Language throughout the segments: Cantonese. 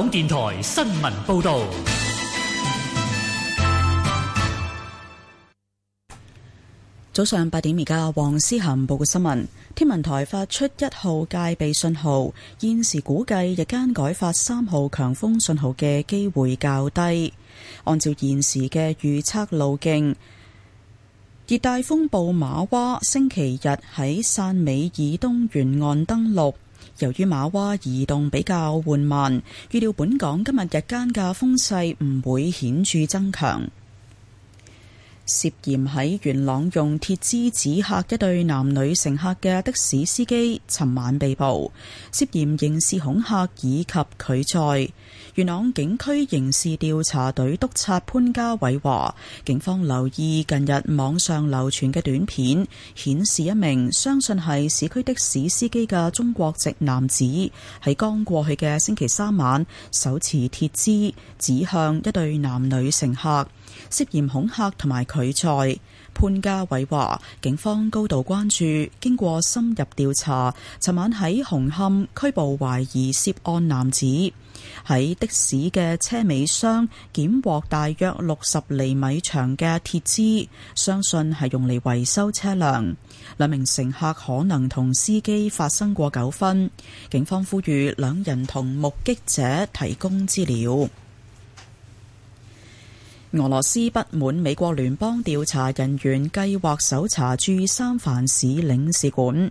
港電台新聞報道：早上八點，而家黃思涵報告新聞。天文台發出一號戒備信號，現時估計日間改發三號強風信號嘅機會較低。按照現時嘅預測路徑，熱帶風暴馬娃星期日喺汕尾以東沿岸登陸。由於馬娃移動比較緩慢，預料本港今日日間嘅風勢唔會顯著增強。涉嫌喺元朗用鐵枝指吓一對男女乘客嘅的，的士司機，尋晚被捕，涉嫌刑事恐嚇以及拒載。元朗警區刑事調查隊督察潘家偉話：警方留意近日網上流傳嘅短片，顯示一名相信係市區的士司機嘅中國籍男子，喺剛過去嘅星期三晚，手持鐵枝指向一對男女乘客，涉嫌恐嚇同埋拒載。潘家偉話：警方高度關注，經過深入調查，尋晚喺紅磡拘捕懷懷疑涉案男子。喺的士嘅車尾箱檢獲大約六十厘米長嘅鐵枝，相信係用嚟維修車輛。兩名乘客可能同司機發生過糾紛，警方呼籲兩人同目擊者提供資料。俄羅斯不滿美國聯邦調查人員計劃搜查駐三藩市領事館。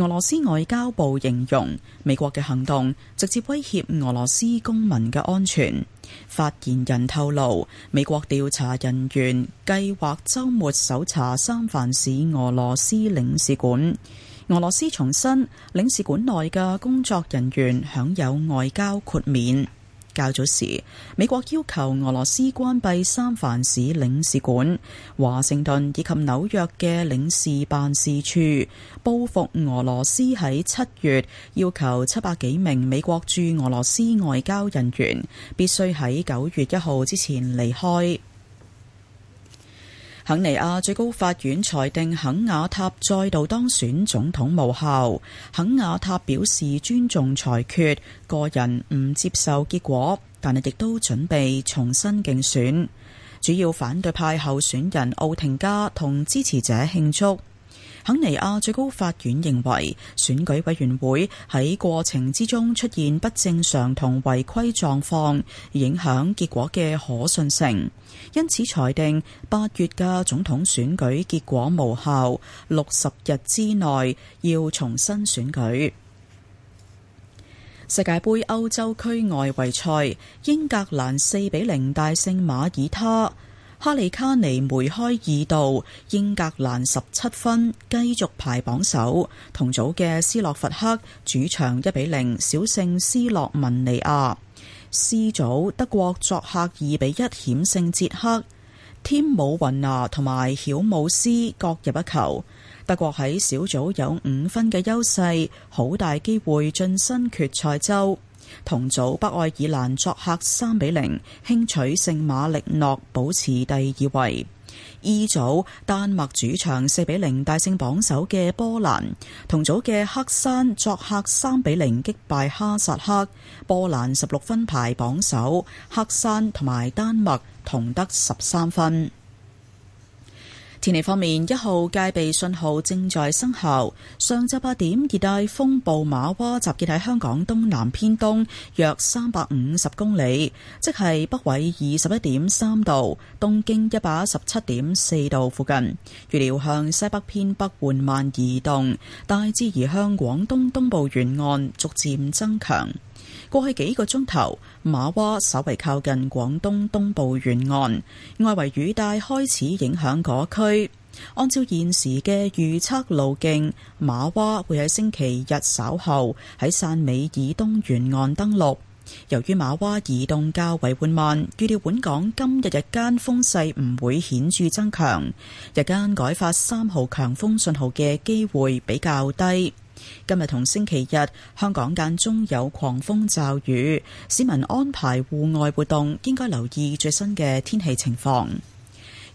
俄羅斯外交部形容美國嘅行動直接威脅俄羅斯公民嘅安全。發言人透露，美國調查人員計劃周末搜查三藩市俄羅斯領事館。俄羅斯重申，領事館內嘅工作人員享有外交豁免。較早時，美國要求俄羅斯關閉三藩市領事館、華盛頓以及紐約嘅領事辦事處，報復俄羅斯喺七月要求七百幾名美國駐俄羅斯外交人員必須喺九月一號之前離開。肯尼亞最高法院裁定肯雅塔再度當選總統無效，肯雅塔表示尊重裁決，個人唔接受結果，但係亦都準備重新競選。主要反對派候選人奧廷加同支持者慶祝。肯尼亞最高法院認為選舉委員會喺過程之中出現不正常同違規狀況，影響結果嘅可信性，因此裁定八月嘅總統選舉結果無效，六十日之內要重新選舉。世界杯歐洲區外圍賽，英格蘭四比零大勝馬爾他。哈利卡尼梅開二度，英格蘭十七分繼續排榜首。同組嘅斯洛伐克主場一比零小勝斯洛文尼亞。C 組德國作客二比一險勝捷克，天姆雲娜同埋曉姆斯各入一球。德國喺小組有五分嘅優勢，好大機會晉身決賽周。同組北愛爾蘭作客三比零輕取聖馬力諾，保持第二位。E 組丹麥主場四比零大勝榜首嘅波蘭，同組嘅黑山作客三比零擊敗哈薩克，波蘭十六分排榜首，黑山同埋丹麥同得十三分。天氣方面，一號戒備信號正在生效。上晝八點，熱帶風暴馬窩集結喺香港東南偏東約三百五十公里，即係北緯二十一點三度，東經一百一十七點四度附近。預料向西北偏北緩慢移動，大致移向廣東東部沿岸逐漸增強。過去幾個鐘頭，瑪娃稍為靠近廣東東部沿岸，外圍雨帶開始影響嗰區。按照現時嘅預測路徑，瑪娃會喺星期日稍後喺汕尾以東沿岸登陸。由於瑪娃移動較為緩慢，預料本港今日日間風勢唔會顯著增強，日間改發三號強風信號嘅機會比較低。今日同星期日，香港間中有狂風驟雨，市民安排戶外活動應該留意最新嘅天氣情況。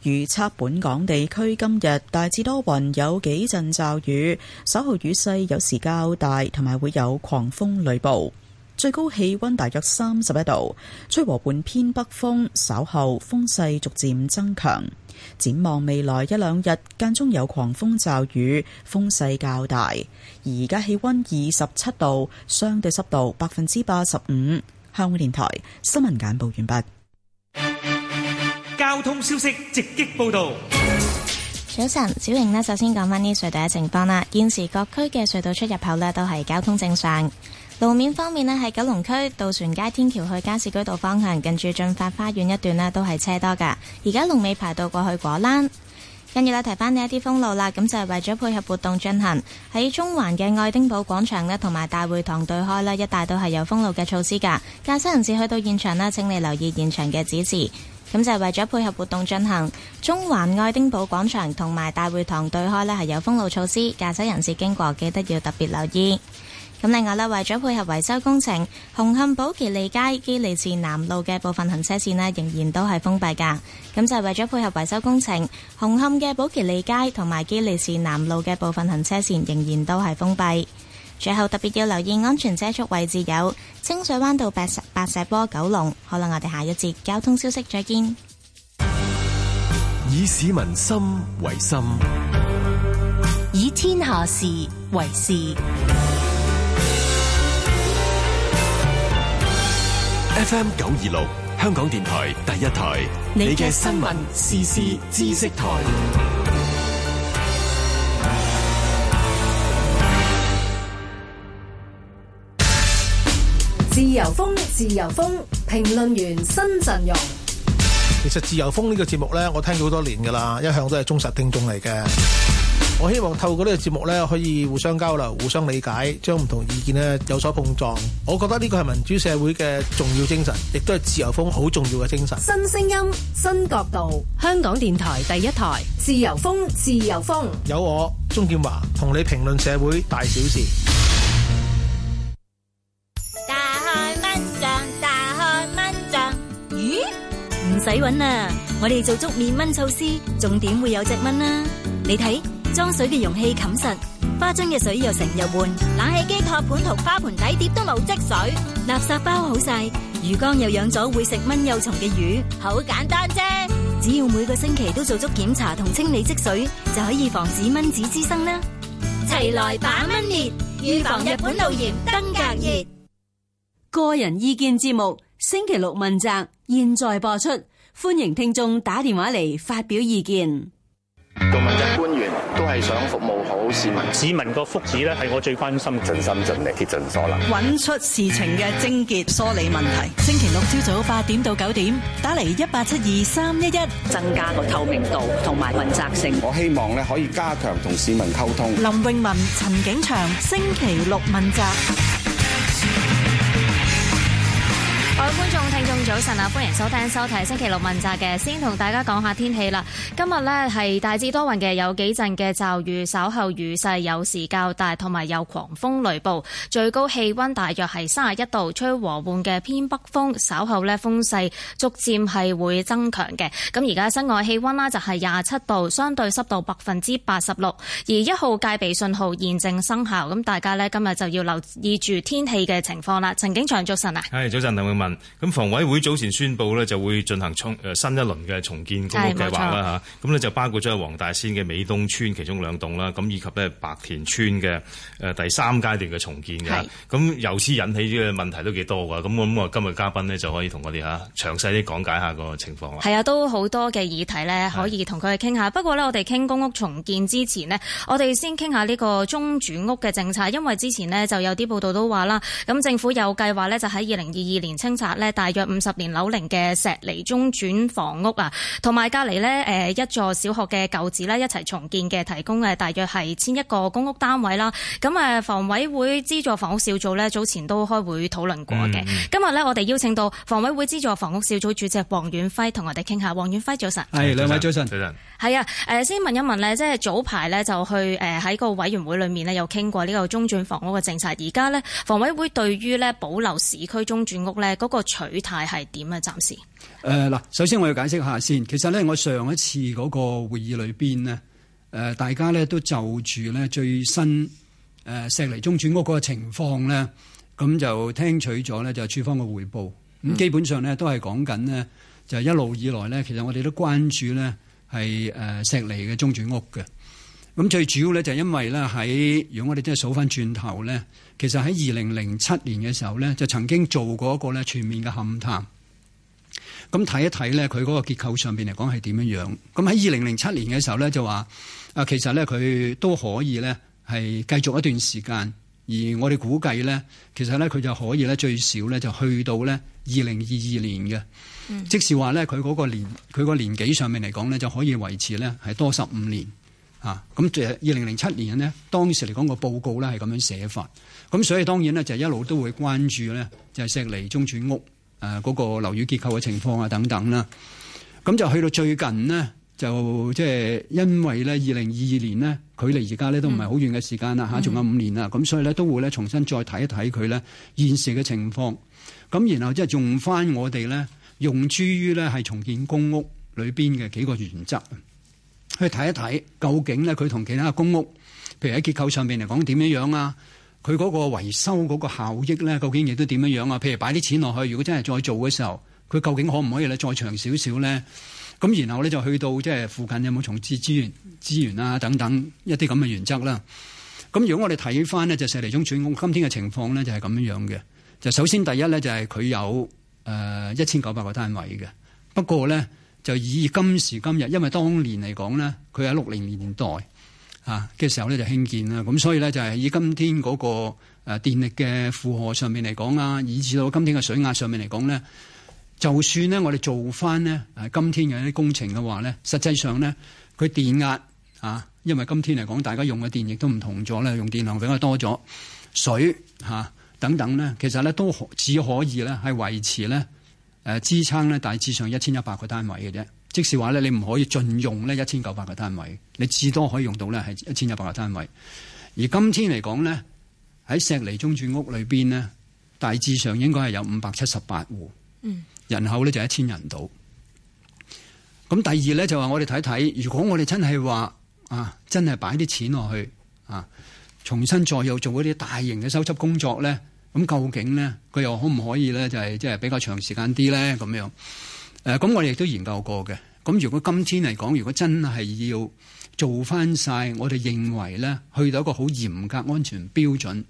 預測本港地區今日大致多雲，有幾陣驟雨，稍後雨勢有時較大，同埋會有狂風雷暴，最高氣温大約三十一度，吹和緩偏北風，稍後風勢逐漸增強。展望未來一兩日，間中有狂風驟雨，風勢較大。而家氣温二十七度，相對濕度百分之八十五。香港電台新聞簡報完畢。交通消息直擊報道。早晨，小瑩呢，首先講返呢隧道嘅情況啦。現時各區嘅隧道出入口呢，都係交通正常。路面方面呢，喺九龍區渡船街天橋去加士居道方向，近住進發花園一段呢，都係車多噶。而家龍尾排到過去果欄。跟住啦，提翻呢一啲封路啦，咁就係、是、為咗配合活動進行。喺中環嘅愛丁堡廣場呢，同埋大會堂對開呢，一帶都係有封路嘅措施噶。駕駛人士去到現場呢，請你留意現場嘅指示。咁就係、是、為咗配合活動進行，中環愛丁堡廣場同埋大會堂對開呢，係有封路措施。駕駛人士經過，記得要特別留意。咁另外咧，為咗配合維修工程，紅磡寶其利街、機利士南路嘅部分行車線咧，仍然都係封閉噶。咁就係為咗配合維修工程，紅磡嘅寶其利街同埋機利士南路嘅部分行車線仍然都係封閉。最後特別要留意安全車速位置有清水灣道白石石波九龍。可能我哋下一節交通消息再見。以市民心為心，以天下事為事。FM 九二六，香港電台第一台，你嘅新聞時事知識台，自由風，自由風，評論員新陣容。其實自由風呢個節目咧，我聽咗好多年噶啦，一向都係忠實聽眾嚟嘅。我希望透過呢個節目咧，可以互相交流、互相理解，將唔同意見咧有所碰撞。我覺得呢個係民主社會嘅重要精神，亦都係自由風好重要嘅精神。新聲音、新角度，香港電台第一台，自由風，自由風。有我鍾建華同你評論社會大小事。大開蚊帳，大開蚊帳，咦？唔使搵啦，我哋做足滅蚊措施，仲點會有隻蚊啦。你睇。裝水嘅容器冚實，花樽嘅水又成日換，冷氣機托盤同花盆底碟都冇積水，垃圾包好晒，魚缸又養咗會食蚊幼蟲嘅魚，好簡單啫！只要每個星期都做足檢查同清理積水，就可以防止蚊子滋生啦。齊來把蚊滅，預防日本腦炎登革熱。個人意見節目，星期六問責，現在播出，歡迎聽眾打電話嚟發表意見。係想服務好市民，市民個福祉咧係我最關心，盡心盡力，竭盡所能，揾出事情嘅症結，梳理問題。星期六朝早八點到九點，打嚟一八七二三一一，增加個透明度同埋問責性。我希望咧可以加強同市民溝通。林泳文、陳景祥，星期六問責。各位觀眾、聽眾，早晨啊！歡迎收聽收睇星期六問責嘅，先同大家講下天氣啦。今日呢係大致多雲嘅，有幾陣嘅驟雨，稍後雨勢有時較大，同埋有狂風雷暴。最高氣溫大約係三十一度，吹和緩嘅偏北風，稍後呢風勢逐漸係會增強嘅。咁而家室外氣溫啦就係廿七度，相對濕度百分之八十六，而一號戒備信號現正生效。咁大家呢，今日就要留意住天氣嘅情況啦。陳景祥，早晨啊！係早晨，咁房委會早前宣布呢，就會進行重，誒新一輪嘅重建公屋計劃啦吓，咁呢，就包括咗黃大仙嘅美東邨，其中兩棟啦，咁以及呢白田邨嘅誒第三階段嘅重建嘅，咁由此引起嘅問題都幾多噶，咁我咁啊今日嘉賓呢，就可以同我哋吓詳細啲講解下個情況啦。係啊，都好多嘅議題呢，可以同佢哋傾下。不過呢，我哋傾公屋重建之前呢，我哋先傾下呢個中轉屋嘅政策，因為之前呢，就有啲報道都話啦，咁政府有計劃呢，就喺二零二二年清。咧，大約五十年樓齡嘅石梨中轉房屋啊，同埋隔籬呢一座小學嘅舊址呢一齊重建嘅，提供嘅大約係千一個公屋單位啦。咁房委會資助房屋小組呢，早前都開會討論過嘅。嗯、今日呢，我哋邀請到房委會資助房屋小組主席黃遠輝同我哋傾下。黃遠輝早晨，係兩位早晨，早晨上。係啊，誒先問一問呢，即係早排呢，就去誒喺個委員會裏面呢，有傾過呢個中轉房屋嘅政策。而家呢，房委會對於呢保留市區中轉屋呢。個取態係點啊？暫時誒，嗱，首先我要解釋下先。其實咧，我上一次嗰個會議裏邊呢，誒，大家咧都就住咧最新誒石籬中轉屋個情況咧，咁就聽取咗咧就處方嘅匯報。咁、嗯、基本上咧都係講緊呢，就一路以來咧，其實我哋都關注咧係誒石籬嘅中轉屋嘅。咁最主要咧就係因為咧喺如果我哋真係數翻轉頭咧。其實喺二零零七年嘅時候咧，就曾經做過一個咧全面嘅勘探，咁睇一睇咧佢嗰個結構上邊嚟講係點樣樣。咁喺二零零七年嘅時候咧就話啊，其實咧佢都可以咧係繼續一段時間，而我哋估計咧其實咧佢就可以咧最少咧就去到咧二零二二年嘅，嗯、即是話咧佢嗰個年佢個年紀上面嚟講咧就可以維持咧係多十五年啊。咁其實二零零七年呢，當時嚟講個報告咧係咁樣寫法。咁所以當然咧，就一路都會關注咧，就係、石梨中轉屋誒嗰、呃那個樓宇結構嘅情況啊，等等啦。咁就去到最近呢，就即係因為咧，二零二二年呢，距離而家咧都唔係好遠嘅時間啦嚇，仲、嗯、有五年啦。咁所以咧，都會咧重新再睇一睇佢咧現時嘅情況。咁然後即係用翻我哋咧，用諸於咧係重建公屋裏邊嘅幾個原則，去睇一睇究竟咧佢同其他公屋，譬如喺結構上面嚟講點樣樣啊？佢嗰個維修嗰個效益咧，究竟亦都點樣啊？譬如擺啲錢落去，如果真係再做嘅時候，佢究竟可唔可以咧再長少少咧？咁然後咧就去到即係附近有冇重置資，資源資源啊等等一啲咁嘅原則啦。咁如果我哋睇翻呢，就石籬中轉屋今天嘅情況咧就係咁樣樣嘅。就首先第一咧就係佢有誒一千九百個單位嘅，不過咧就以今時今日，因為當年嚟講咧，佢喺六零年代。啊嘅時候咧就興建啦，咁所以咧就係以今天嗰個誒電力嘅負荷上面嚟講啊，以至到今天嘅水壓上面嚟講咧，就算呢，我哋做返呢，今天嘅一啲工程嘅話咧，實際上呢，佢電壓啊，因為今天嚟講大家用嘅電力都唔同咗咧，用電量比較多咗，水嚇、啊、等等呢，其實咧都只可以咧係維持呢誒、啊、支撐呢大致上一千一百個單位嘅啫。即是話咧，你唔可以盡用呢一千九百個單位，你至多可以用到咧係一千一百個單位。而今天嚟講咧，喺石梨中轉屋裏邊咧，大致上應該係有五百七十八戶，人口咧就一千人度。咁、嗯、第二咧就話我哋睇睇，如果我哋真係話啊，真係擺啲錢落去啊，重新再又做嗰啲大型嘅修葺工作咧，咁究竟咧佢又可唔可以咧？就係即係比較長時間啲咧咁樣。誒咁，呃、我哋亦都研究過嘅。咁如果今天嚟講，如果真係要做翻晒，我哋認為咧，去到一個好嚴格安全標準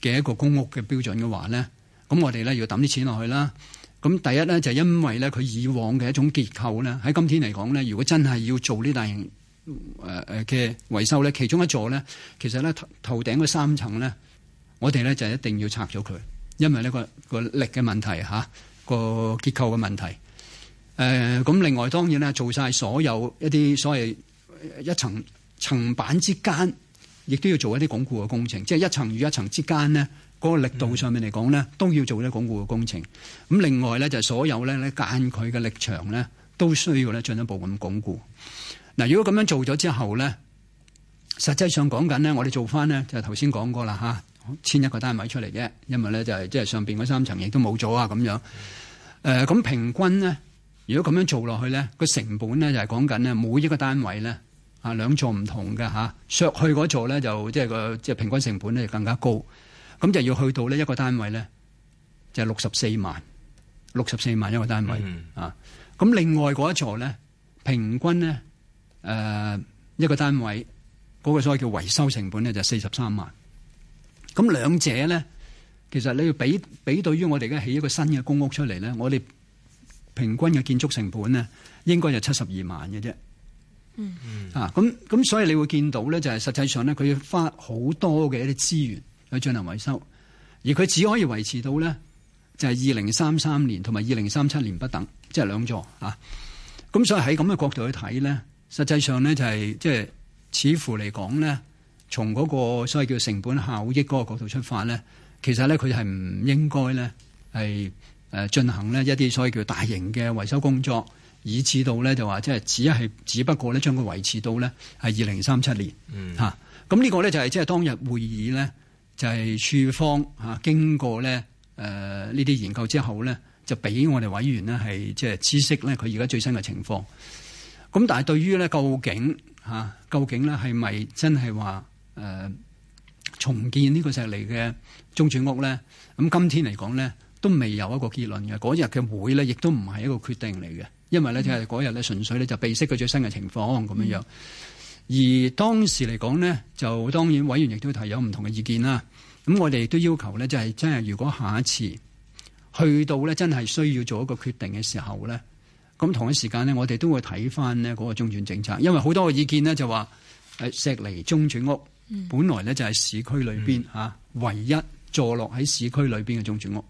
嘅一個公屋嘅標準嘅話咧，咁我哋咧要抌啲錢落去啦。咁第一咧就係、因為咧佢以往嘅一種結構咧，喺今天嚟講咧，如果真係要做呢大型誒誒嘅維修咧，其中一座咧，其實咧頭頭頂嗰三層咧，我哋咧就一定要拆咗佢，因為呢個個力嘅問題嚇，個結構嘅問題。啊誒，咁、呃、另外當然啦，做晒所有一啲所謂一層層板之間，亦都要做一啲鞏固嘅工程。即係一層與一層之間呢嗰、嗰個力度上面嚟講呢都要做啲鞏固嘅工程。咁另外呢，就係、所有呢咧間佢嘅力場呢，都需要呢進一步咁鞏固。嗱、呃，如果咁樣做咗之後呢，實際上講緊呢，我哋做翻呢，就頭先講過啦吓，遷、啊、一個單位出嚟嘅，因為呢，就係即係上面嗰三層亦都冇咗啊咁樣。誒、呃，咁平均呢。如果咁樣做落去咧，個成本咧就係講緊咧，每一個單位咧啊兩座唔同嘅吓，削去嗰座咧就即係個即係平均成本咧就更加高，咁就要去到咧一個單位咧就六十四萬，六十四萬一個單位啊。咁另外嗰一座咧平均咧誒一個單位嗰個所謂叫維修成本咧就四十三萬。咁兩者咧其實你要比比對於我哋而家起一個新嘅公屋出嚟咧，我哋。平均嘅建築成本咧，應該就七十二萬嘅啫。嗯嗯。啊，咁咁，所以你會見到咧，就係實際上咧，佢要花好多嘅一啲資源去進行維修，而佢只可以維持到咧，就係二零三三年同埋二零三七年不等，即係兩座啊。咁所以喺咁嘅角度去睇咧，實際上咧就係即係似乎嚟講咧，從嗰個所謂叫成本效益嗰個角度出發咧，其實咧佢係唔應該咧係，誒進行呢一啲所謂叫大型嘅維修工作，以至到咧就話即係只係只不過咧將佢維持到呢係二零三七年嚇。咁呢個咧就係即係當日會議呢，就係、是、處方嚇經過咧誒呢啲研究之後呢，就俾我哋委員呢係即係知悉呢佢而家最新嘅情況。咁但係對於呢，究竟嚇究竟呢係咪真係話誒重建呢個石籬嘅中轉屋呢？咁今天嚟講呢。都未有一個結論嘅，嗰日嘅會呢，亦都唔係一個決定嚟嘅，因為呢，即係嗰日呢，純粹呢就備悉佢最新嘅情況咁樣樣。嗯、而當時嚟講呢，就當然委員亦都提有唔同嘅意見啦。咁我哋亦都要求呢，就係真係如果下一次去到呢，真係需要做一個決定嘅時候呢，咁同一時間呢，我哋都會睇翻呢嗰個中轉政策，因為好多嘅意見呢，就話誒石籬中轉屋，本來呢，就係市區裏邊吓唯一坐落喺市區裏邊嘅中轉屋。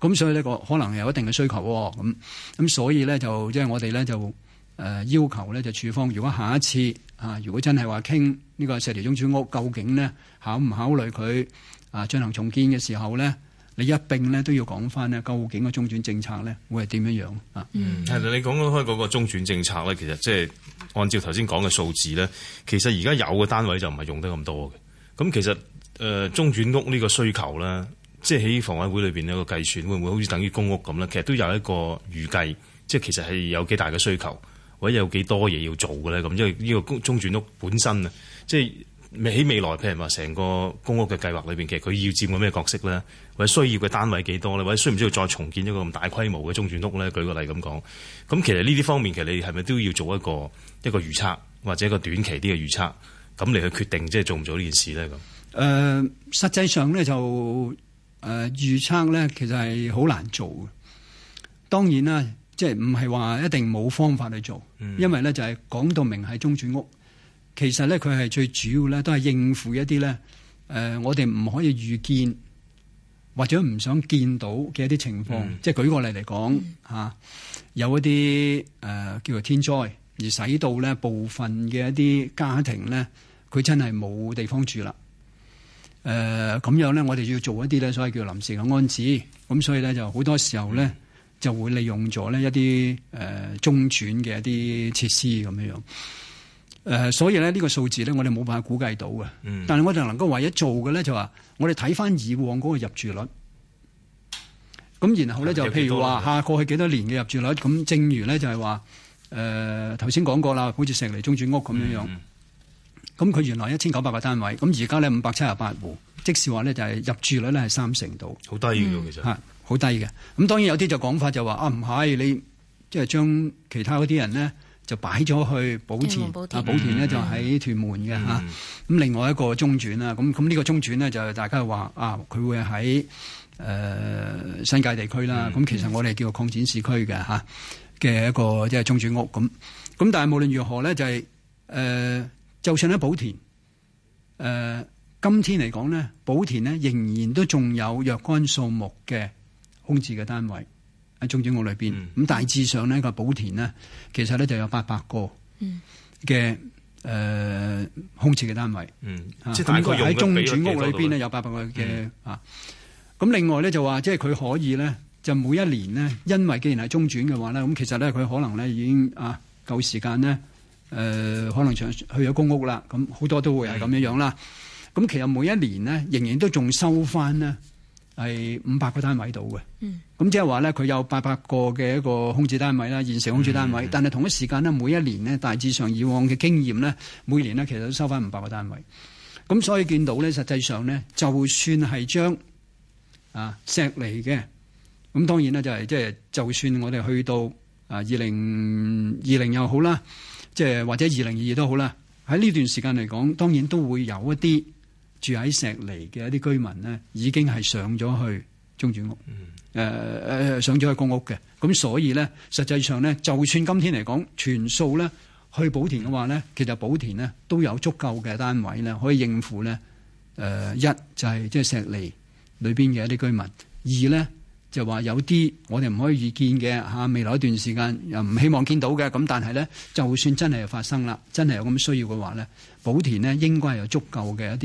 咁所以呢個可能係有一定嘅需求喎。咁咁所以咧，就即係我哋咧就誒要求咧，就處方，如果下一次啊，如果真係話傾呢個石田中轉屋，究竟呢考唔考慮佢啊進行重建嘅時候咧，你一並咧都要講翻呢，究竟個中轉政策咧會係點樣樣啊？嗯，係啦，你講開嗰個中轉政策咧，其實即係按照頭先講嘅數字咧，其實而家有嘅單位就唔係用得咁多嘅。咁其實誒中轉屋呢個需求咧。即係喺房委會裏邊有一個計算，會唔會好似等於公屋咁咧？其實都有一個預計，即係其實係有幾大嘅需求，或者有幾多嘢要做嘅咧咁。因為呢個公中轉屋本身啊，即係喺未來譬如話，成個公屋嘅計劃裏邊，其實佢要佔個咩角色咧，或者需要嘅單位幾多咧，或者需唔需要再重建一個咁大規模嘅中轉屋咧？舉個例咁講，咁其實呢啲方面，其實你係咪都要做一個一個預測，或者一個短期啲嘅預測，咁嚟去決定即係做唔做呢件事咧咁？誒、呃，實際上咧就。誒預測咧，其實係好難做嘅。當然啦，即係唔係話一定冇方法去做，嗯，因為咧就係講到明係中轉屋，其實咧佢係最主要咧都係應付一啲咧誒我哋唔可以預見或者唔想見到嘅一啲情況，嗯，即係舉個例嚟講吓有一啲誒、呃、叫做天災，而使到咧部分嘅一啲家庭咧，佢真係冇地方住啦。誒咁、呃、樣咧，我哋要做一啲咧，所謂叫臨時嘅安置。咁所以咧，就好多時候咧，就會利用咗呢一啲誒、呃、中轉嘅一啲設施咁樣樣。誒、呃，所以咧呢個數字咧，我哋冇辦法估計到嘅。嗯、但係我哋能夠唯一做嘅咧，就話我哋睇翻以往嗰個入住率。咁，然後咧就譬如話下過去幾多年嘅入住率，咁正如咧就係話誒頭先講過啦，好似石籬中轉屋咁樣樣。嗯嗯咁佢原來一千九百個單位，咁而家咧五百七十八戶，即係話咧就係入住率咧係三成度，好低嘅、嗯、其實，好低嘅。咁當然有啲就講法就話啊唔係，你即係將其他嗰啲人呢就擺咗去寶田啊，寶田呢就喺屯門嘅咁、嗯啊、另外一個中轉啦，咁咁呢個中轉呢，就大家話啊佢會喺誒、呃、新界地區啦。咁、嗯、其實我哋叫做擴展市區嘅嘅一個即係中轉屋咁。咁但係無論如何呢、就是，就係誒。就算喺寶田，誒、呃，今天嚟講呢，寶田呢仍然都仲有若干數目嘅空置嘅單位喺中轉屋裏邊。咁、嗯、大致上呢個寶田呢，其實呢就有八百個嘅誒、嗯呃、空置嘅單位。即係大概喺中轉屋裏邊呢，有八百個嘅、嗯、啊。咁另外呢，就話，即係佢可以呢，就每一年呢，因為既然係中轉嘅話呢，咁其實呢，佢可能呢已經啊夠時間呢。誒、呃、可能長去咗公屋啦，咁好多都會係咁樣樣啦。咁、嗯、其實每一年呢，仍然都仲收翻呢係五百個單位度嘅。咁、嗯、即係話咧，佢有八百個嘅一個空置單位啦，現成空置單位。嗯、但係同一時間呢，每一年呢，大致上以往嘅經驗呢，每年呢，其實都收翻五百個單位。咁所以見到呢，實際上呢，就算係將啊石嚟嘅，咁當然呢，就係即係就算我哋去到啊二零二零又好啦。即係或者二零二二都好啦，喺呢段時間嚟講，當然都會有一啲住喺石梨嘅一啲居民咧，已經係上咗去中轉屋，誒誒、嗯呃、上咗去公屋嘅。咁所以咧，實際上咧，就算今天嚟講全數咧去寶田嘅話咧，其實寶田咧都有足夠嘅單位咧可以應付咧誒、呃、一就係即係石梨裏邊嘅一啲居民，二咧。就話有啲我哋唔可以預見嘅嚇，未來一段時間又唔希望見到嘅，咁但係咧，就算真係發生啦，真係有咁需要嘅話咧，寶田咧應該係有足夠嘅一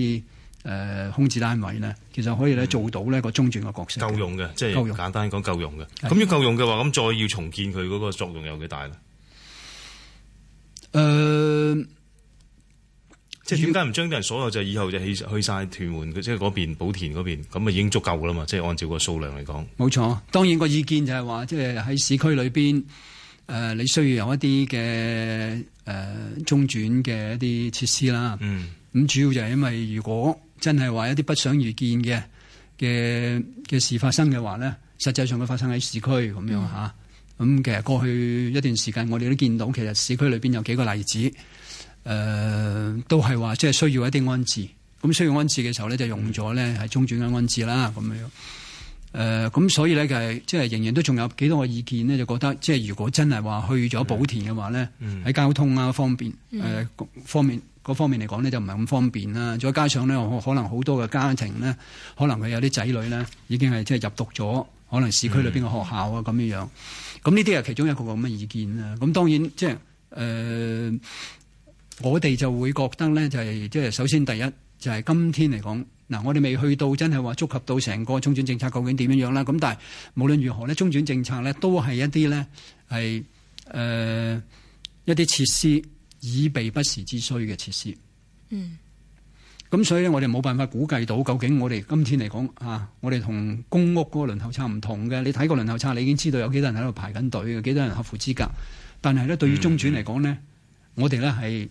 啲誒空置單位咧，其實可以咧做到呢個中轉嘅角色。嗯、夠用嘅，即係用簡單講夠用嘅。咁要的夠用嘅話，咁再要重建佢嗰個作用有幾大咧？誒、呃。即係點解唔將啲人所有就以後就去去晒屯門，即係嗰邊寶田嗰邊，咁啊已經足夠噶啦嘛！即係按照個數量嚟講，冇錯。當然個意見就係話，即係喺市區裏邊，誒、呃，你需要有一啲嘅誒中轉嘅一啲設施啦。嗯。咁主要就係因為如果真係話一啲不想預見嘅嘅嘅事發生嘅話咧，實際上佢發生喺市區咁樣吓。咁、嗯啊、其實過去一段時間，我哋都見到，其實市區裏邊有幾個例子。誒、呃、都係話即係需要一啲安置，咁需要安置嘅時候咧，就用咗咧係中轉嘅安置啦，咁樣。誒、呃、咁所以咧，就係即係仍然都仲有幾多個意見呢，就覺得即係如果真係話去咗寶田嘅話咧，喺的交通啊方面，誒、嗯呃、方面嗰方面嚟講呢，就唔係咁方便啦。再加上咧，可能好多嘅家庭呢，可能佢有啲仔女呢，已經係即係入讀咗可能市區裏邊嘅學校啊，咁、嗯、樣樣。咁呢啲係其中一個咁嘅意見啦。咁當然即係誒。呃我哋就會覺得咧，就係即係首先第一，就係今天嚟講，嗱我哋未去到真係話觸及到成個中轉政策究竟點樣樣啦。咁但係無論如何咧，中轉政策咧都係一啲咧係誒一啲設施以備不時之需嘅設施。嗯。咁所以咧，我哋冇辦法估計到究竟我哋今天嚟講啊，我哋同公屋嗰個輪候差唔同嘅。你睇個輪候差，你已經知道有幾多人喺度排緊隊，幾多人合乎資格。但係咧，對於中轉嚟講咧，我哋咧係。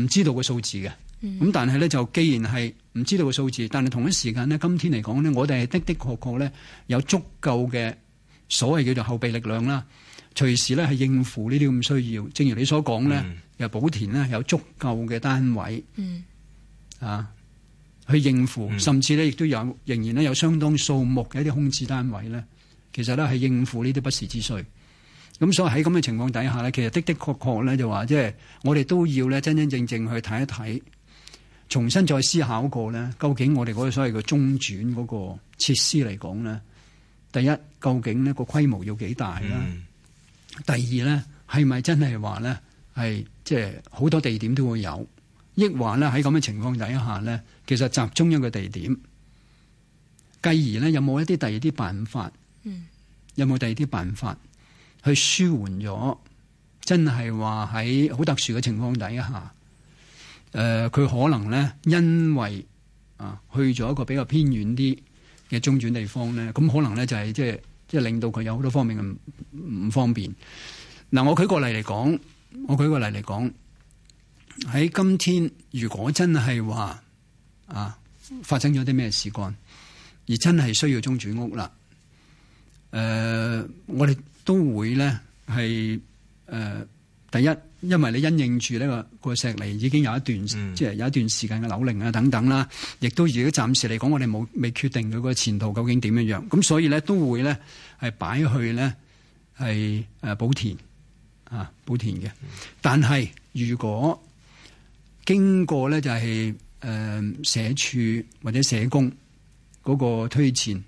唔知道個數字嘅，咁但係咧就既然係唔知道個數字，但係同一時間呢，今天嚟講呢，我哋係的的確確咧有足夠嘅所謂叫做後備力量啦，隨時咧係應付呢啲咁需要。正如你所講咧，又寶、嗯、田呢有足夠嘅單位，嗯、啊，去應付，甚至呢，亦都有仍然呢，有相當數目嘅一啲空置單位咧，其實咧係應付呢啲不時之需。咁所以喺咁嘅情況底下咧，其實的的確確咧就話，即係我哋都要咧真真正正去睇一睇，重新再思考過咧。究竟我哋嗰個所謂嘅中轉嗰個設施嚟講咧，第一究竟呢個規模要幾大啦？嗯、第二咧係咪真係話咧係即係好多地點都會有？抑或咧喺咁嘅情況底下咧，其實集中一個地點，繼而咧有冇一啲第二啲辦法？嗯、有冇第二啲辦法？去舒緩咗，真係話喺好特殊嘅情況底下，誒、呃，佢可能咧因為啊去咗一個比較偏遠啲嘅中轉地方咧，咁可能咧就係即係即係令到佢有好多方面嘅唔方便。嗱、呃，我舉個例嚟講，我舉個例嚟講，喺今天如果真係話啊發生咗啲咩事幹，而真係需要中轉屋啦，誒、呃，我哋。都會咧係誒第一，因為你因應住呢個個石籬已經有一段，嗯、即係有一段時間嘅樓齡啊等等啦，亦都如果暫時嚟講，我哋冇未決定佢個前途究竟點樣樣，咁所以咧都會咧係擺去咧係誒補填啊補填嘅。嗯、但係如果經過咧就係、是、誒、呃、社署或者社工嗰個推薦。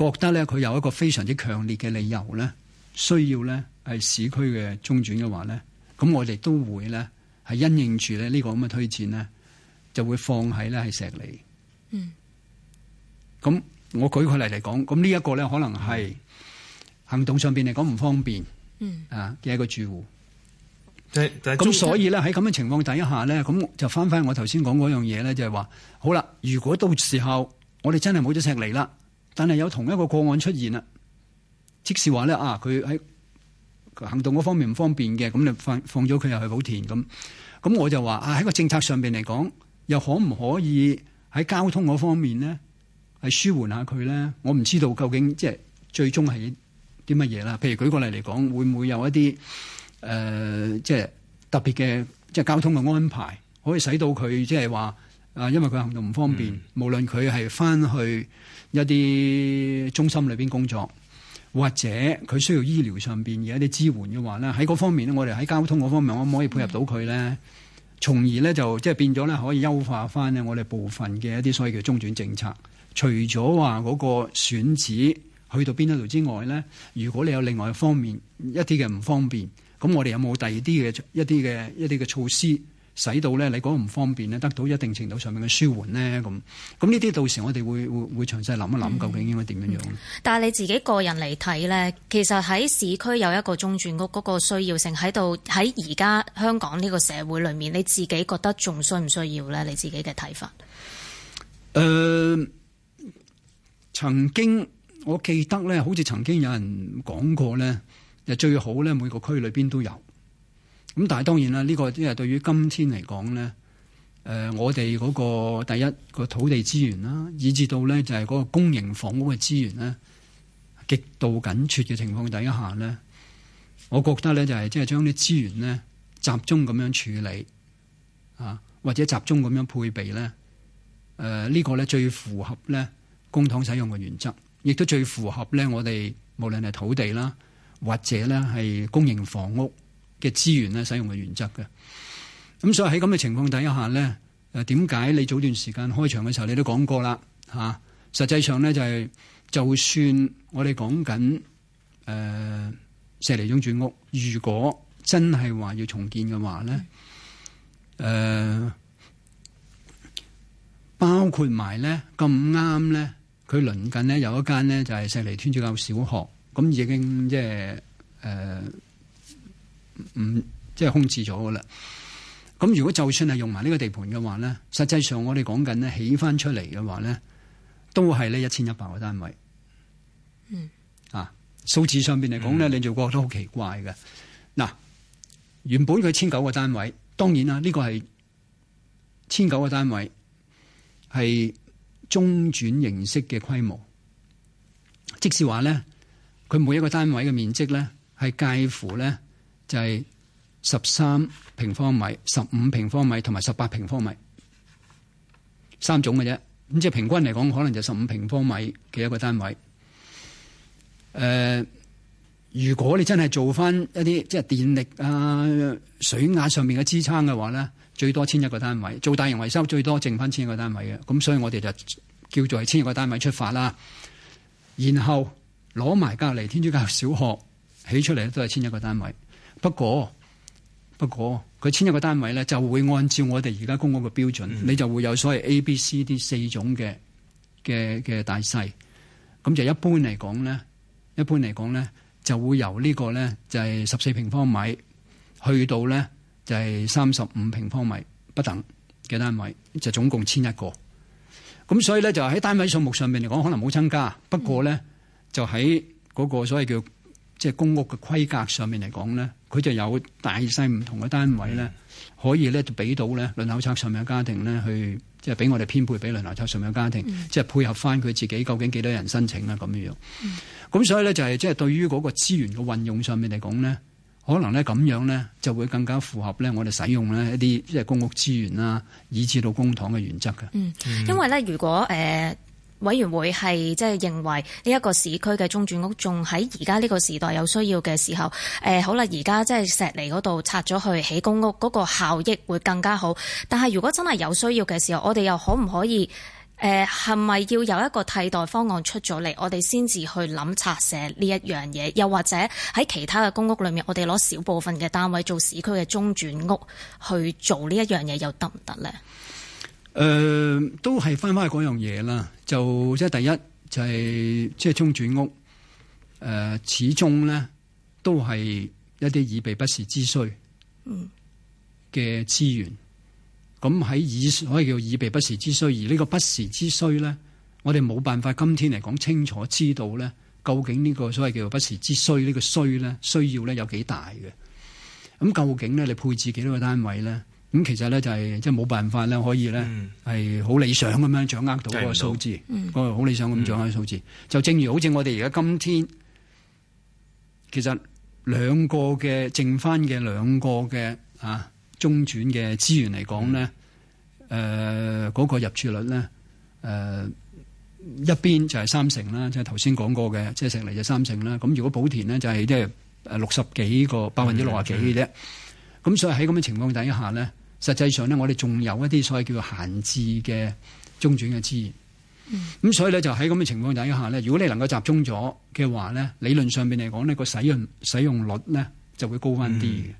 覺得咧佢有一個非常之強烈嘅理由咧，需要咧係市區嘅中轉嘅話咧，咁我哋都會咧係因應住咧呢個咁嘅推薦咧，就會放喺咧係石梨。嗯，咁我舉佢嚟嚟講，咁呢一個咧可能係行動上邊嚟講唔方便，啊嘅一個住戶。咁、嗯、所以咧喺咁嘅情況底下咧，咁就翻翻我頭先講嗰樣嘢咧，就係話好啦，如果到時候我哋真係冇咗石梨啦。但係有同一個個案出現啦，即是話咧啊，佢喺行動嗰方面唔方便嘅，咁就放放咗佢入去寶田咁。咁我就話啊，喺個政策上邊嚟講，又可唔可以喺交通嗰方面咧係舒緩一下佢咧？我唔知道究竟即係最終係啲乜嘢啦。譬如舉個例嚟講，會唔會有一啲誒、呃、即係特別嘅即係交通嘅安排，可以使到佢即係話啊，因為佢行動唔方便，嗯、無論佢係返去，一啲中心裏邊工作，或者佢需要醫療上邊嘅一啲支援嘅話咧，喺嗰方面咧，我哋喺交通嗰方面，可唔可以配合到佢咧？嗯、從而咧就即係、就是、變咗咧，可以優化翻咧我哋部分嘅一啲所謂嘅中轉政策。除咗話嗰個選址去到邊一度之外咧，如果你有另外一方面一啲嘅唔方便，咁我哋有冇第二啲嘅一啲嘅一啲嘅措施？使到咧，你講唔方便咧，得到一定程度上面嘅舒緩咧，咁咁呢啲到時我哋會會會詳細諗一諗，究竟應該點樣樣、嗯嗯。但係你自己個人嚟睇咧，其實喺市區有一個中轉屋嗰個需要性喺度，喺而家香港呢個社會裏面，你自己覺得仲需唔需要咧？你自己嘅睇法。誒、呃，曾經我記得咧，好似曾經有人講過咧，最好咧每個區裏邊都有。咁但係當然啦，呢個即係對於今天嚟講呢，呃，我哋嗰個第一個土地資源啦，以至到呢就係嗰個公營房屋嘅資源呢，極度緊缺嘅情況底下呢，我覺得呢就係即係將啲資源呢集中咁樣處理啊，或者集中咁樣配備呢。呢、呃呢個呢最符合呢公帑使用嘅原則，亦都最符合呢我哋無論係土地啦，或者呢係公營房屋嘅資源咧使用嘅原則嘅，咁所以喺咁嘅情況底下呢，誒點解你早段時間開場嘅時候你都講過啦嚇、啊？實際上呢，就係、是，就算我哋講緊誒石梨中轉屋，如果真係話要重建嘅話呢，誒、呃、包括埋呢咁啱呢，佢鄰近呢有一間呢就係、是、石梨邨主教小學，咁已經即係誒。呃唔即係空置咗噶啦，咁如果就算係用埋呢個地盤嘅話呢，實際上我哋講緊呢起翻出嚟嘅話呢，都會係呢一千一百個單位，嗯啊，數字上邊嚟講呢，嗯、你就覺得好奇怪嘅。嗱、啊，原本佢千九個單位，當然啦，呢、呢個係千九個單位係中轉形式嘅規模，即使話呢，佢每一個單位嘅面積呢，係介乎呢。就係十三平方米、十五平方米同埋十八平方米三種嘅啫。咁即係平均嚟講，可能就十五平方米嘅一個單位。呃，如果你真係做翻一啲即係電力啊、水壓上面嘅支撐嘅話咧，最多千一個單位。做大型維修最多剩翻千一個單位嘅。咁所以我哋就叫做係千一個單位出發啦。然後攞埋隔離天主教小學起出嚟都係千一個單位。不過不過佢，簽一個單位咧，就會按照我哋而家公屋嘅標準，你就會有所謂 A、B、C、D 四種嘅嘅嘅大細，咁就一般嚟講咧，一般嚟講咧，就會由呢個咧就係十四平方米去到咧就係三十五平方米不等嘅單位，就總共簽一個，咁所以咧就喺單位數目上面嚟講可能冇增加。不過咧就喺嗰個所謂叫即係公屋嘅規格上面嚟講咧。佢就有大細唔同嘅單位咧，可以咧就俾到咧輪候冊上面嘅家庭咧，去即係俾我哋編配俾輪候冊上面嘅家庭，即係、嗯、配合翻佢自己究竟幾多人申請啦咁樣樣。咁、嗯、所以咧就係即係對於嗰個資源嘅運用上面嚟講咧，可能咧咁樣咧就會更加符合咧我哋使用咧一啲即係公屋資源啦，以至到公帑嘅原則嘅。嗯，因為咧如果誒。呃委員會係即係認為呢一個市區嘅中轉屋仲喺而家呢個時代有需要嘅時候，誒、呃、好啦，而家即係石梨嗰度拆咗去起公屋，嗰、嗰個效益會更加好。但係如果真係有需要嘅時候，我哋又可唔可以誒係咪要有一個替代方案出咗嚟，我哋先至去諗拆卸呢一樣嘢？又或者喺其他嘅公屋裏面，我哋攞少部分嘅單位做市區嘅中轉屋去做呢一樣嘢，又得唔得呢？誒、呃，都係翻翻嗰樣嘢啦，就即係第一就係即係中轉屋，誒、呃，始終咧都係一啲以備不時之需嘅資源。咁喺、嗯、以可以叫以備不時之需，而呢個不時之需咧，我哋冇辦法今天嚟講清楚知道咧，究竟呢個所謂叫做不時之需，這個、呢個需咧需要咧有幾大嘅？咁究竟咧你配置幾多個單位咧？咁其實咧就係即係冇辦法咧，可以咧係好理想咁樣掌握到嗰個數字，嗰個好理想咁掌握數字。就正如好似我哋而家今天，其實兩個嘅剩翻嘅兩個嘅啊中轉嘅資源嚟講咧，誒嗰、嗯呃嗰個入住率咧誒、呃、一邊就係三成啦，即係頭先講過嘅，即、就、係、是、成嚟就三成啦。咁如果寶田咧就係即係六十幾個百分之六十幾嘅啫。咁、嗯、所以喺咁嘅情況底下咧。實際上咧，我哋仲有一啲所謂叫做閒置嘅中轉嘅資源，咁、嗯、所以咧就喺咁嘅情況底下咧，如果你能夠集中咗嘅話咧，理論上面嚟講呢個使用使用率咧就會高翻啲嘅。嗯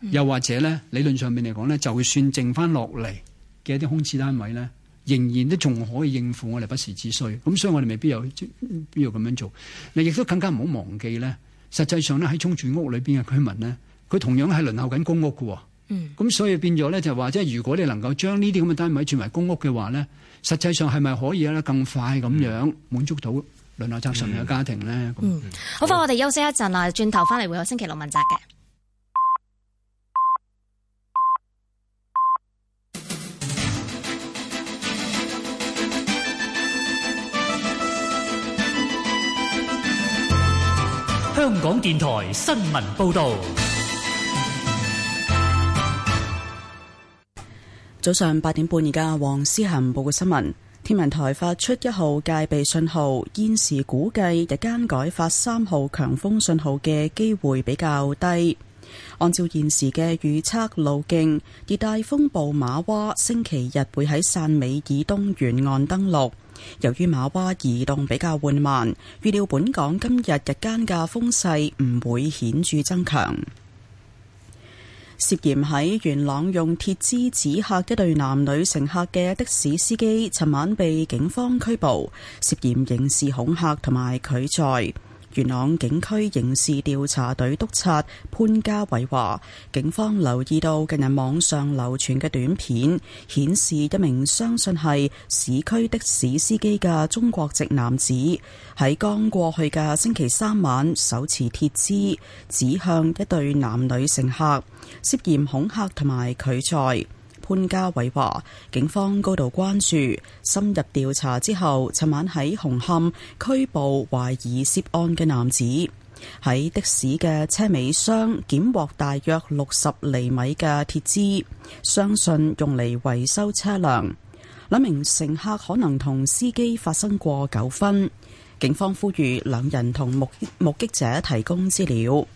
嗯、又或者咧，理論上面嚟講咧，就算剩翻落嚟嘅一啲空置單位咧，仍然都仲可以應付我哋不時之需。咁所以我哋未必有必要咁樣做。你亦都更加唔好忘記咧，實際上咧喺中轉屋裏邊嘅居民咧，佢同樣係輪候緊公屋嘅。咁所以變咗咧，就話即係如果你能夠將呢啲咁嘅單位轉為公屋嘅話咧，實際上係咪可以咧更快咁樣滿足到輪候冊上面嘅家庭咧？嗯，好，翻我哋休息一陣啦，轉頭翻嚟會有星期六問責嘅。香港電台新聞報導。早上八點半，而家黃思恒報嘅新聞，天文台發出一號戒備信號，現時估計日間改發三號強風信號嘅機會比較低。按照現時嘅預測路徑，熱帶風暴馬娃星期日會喺汕尾以東沿岸登陸。由於馬娃移動比較緩慢，預料本港今日日間嘅風勢唔會顯著增強。涉嫌喺元朗用鐵枝指嚇一對男女乘客嘅的，的士司機，尋晚被警方拘捕，涉嫌刑事恐嚇同埋拒載。元朗警區刑事調查隊督察潘家偉話，警方留意到近日網上流傳嘅短片，顯示一名相信係市區的士司機嘅中國籍男子，喺剛過去嘅星期三晚，手持鐵枝指向一對男女乘客，涉嫌恐嚇同埋拒載。潘家偉話：警方高度關注，深入調查之後，尋晚喺紅磡拘捕懷疑涉案嘅男子。喺的士嘅車尾箱檢獲大約六十厘米嘅鐵枝，相信用嚟維修車輛。兩名乘客可能同司機發生過糾紛，警方呼籲兩人同目目擊者提供資料。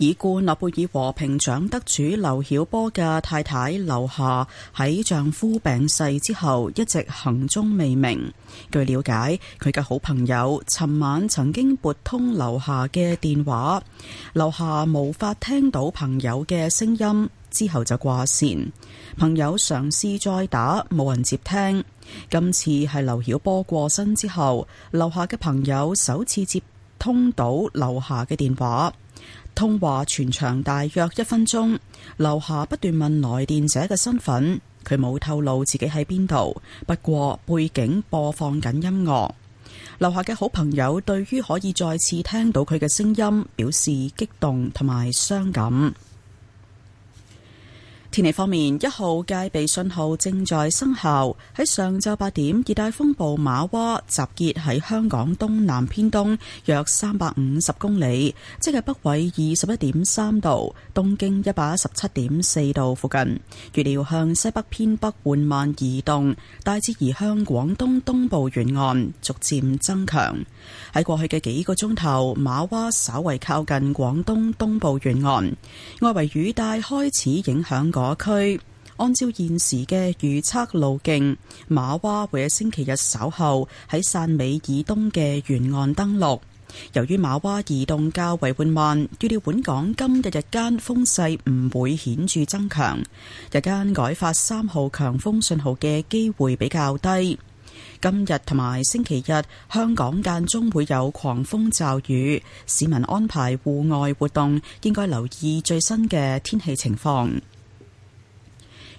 已故諾貝爾和平獎得主劉曉波嘅太太劉霞喺丈夫病逝之後一直行蹤未明。據了解，佢嘅好朋友尋晚曾經撥通劉霞嘅電話，劉霞無法聽到朋友嘅聲音，之後就掛線。朋友嘗試再打，冇人接聽。今次係劉曉波過身之後，劉霞嘅朋友首次接通到劉霞嘅電話。通話全長大約一分鐘，樓下不斷問來電者嘅身份，佢冇透露自己喺邊度。不過背景播放緊音樂，樓下嘅好朋友對於可以再次聽到佢嘅聲音，表示激動同埋傷感。天氣方面，一號戒備信號正在生效。喺上晝八點，熱帶風暴馬娃集結喺香港東南偏東約三百五十公里，即係北緯二十一點三度、東經一百一十七點四度附近。預料向西北偏北緩慢移動，大致移向廣東東部沿岸逐漸增強。喺過去嘅幾個鐘頭，瑪娃稍為靠近廣東東部沿岸，外圍雨帶開始影響嗰區。按照現時嘅預測路徑，瑪娃會喺星期日稍後喺汕尾以東嘅沿岸登陸。由於瑪娃移動較為緩慢，預料本港今日日間風勢唔會顯著增強，日間改發三號強風信號嘅機會比較低。今日同埋星期日，香港間中會有狂風驟雨，市民安排戶外活動應該留意最新嘅天氣情況。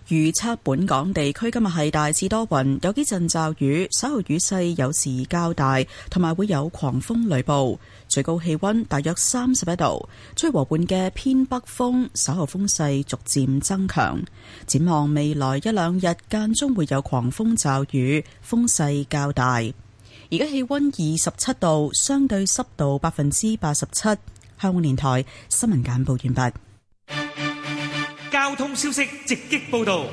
預測本港地區今日係大致多雲，有幾陣驟雨，稍後雨勢有時較大，同埋會有狂風雷暴。最高氣溫大約三十一度，吹和緩嘅偏北風，稍後風勢逐漸增強。展望未來一兩日，間中會有狂風驟雨，風勢較大。而家氣溫二十七度，相對濕度百分之八十七。香港電台新聞簡報完畢。交通消息直擊報道。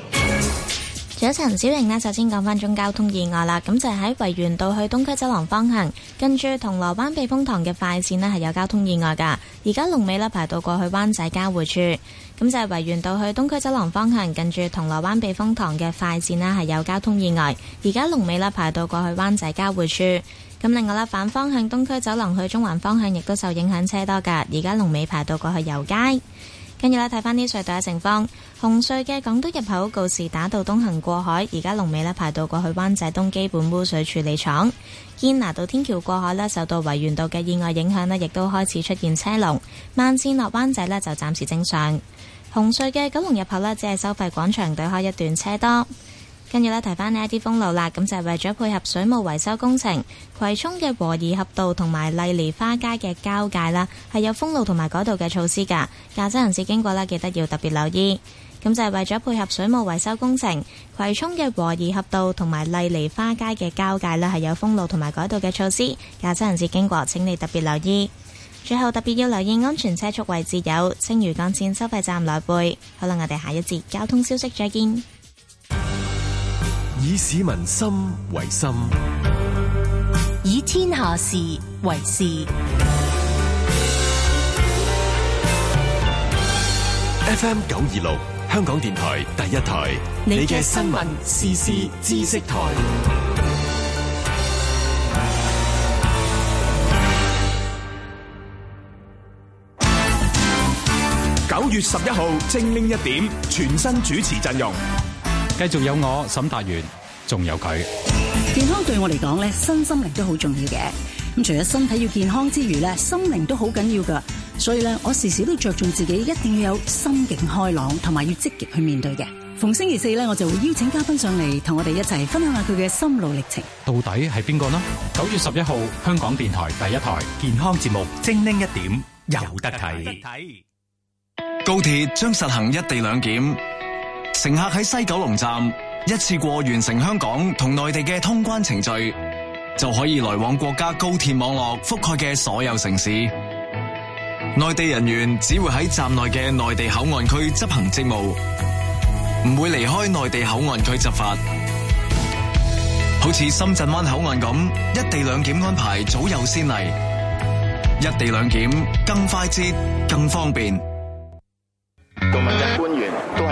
仲有陳小瑩呢，首先講翻宗交通意外啦，咁就係喺維園道去東區走廊方向，近住銅鑼灣避風塘嘅快線呢係有交通意外噶而家龍尾呢排到過去灣仔交匯處。咁就係維園道去東區走廊方向，近住銅鑼灣避風塘嘅快線呢係有交通意外，而家龍尾呢排到過去灣仔交匯處。咁另外呢，反方向東區走廊去中環方向亦都受影響，車多噶而家龍尾排到過去油街。跟住睇返啲隧道嘅情況，紅隧嘅港督入口，告士打道東行過海，而家龍尾呢排到過去灣仔東基本污水處理廠。堅拿道天橋過海呢，受到維園道嘅意外影響，亦都開始出現車龍。慢線落灣仔呢就暫時正常。紅隧嘅九龍入口呢，只係收費廣場對開一段車多。跟住咧，提翻呢一啲封路啦。咁就係為咗配合水務維修工程，葵涌嘅和宜合道同埋麗梨花街嘅交界啦，係有封路同埋改道嘅措施噶。駕車人士經過啦，記得要特別留意。咁就係為咗配合水務維修工程，葵涌嘅和宜合道同埋麗梨花街嘅交界啦，係有封路同埋改道嘅措施。駕車人士經過請你特別留意。最後特別要留意安全車速位置有青嶼幹線收費站來背。好啦，我哋下一節交通消息再見。以市民心為心，以天下事為事。FM 九二六，香港電台第一台，你嘅新聞、新聞時事、知識台。九月十一號，精靈一點，全新主持陣容。繼續有我沈達源，仲有佢。健康對我嚟講咧，身心靈都好重要嘅。咁除咗身體要健康之餘咧，心靈都好緊要噶。所以咧，我時時都着重自己一定要有心境開朗，同埋要積極去面對嘅。逢星期四咧，我就會邀請嘉賓上嚟同我哋一齊分享下佢嘅心路歷程。到底係邊個呢？九月十一號，香港電台第一台健康節目《精靈一點》有得睇。有得睇。高鐵將實行一地兩檢。乘客喺西九龍站一次過完成香港同內地嘅通關程序，就可以來往國家高鐵網絡覆蓋嘅所有城市。內地人員只會喺站內嘅內地口岸區執行職務，唔會離開內地口岸區執法。好似深圳灣口岸咁，一地兩檢安排早有先例，一地兩檢更快捷、更方便。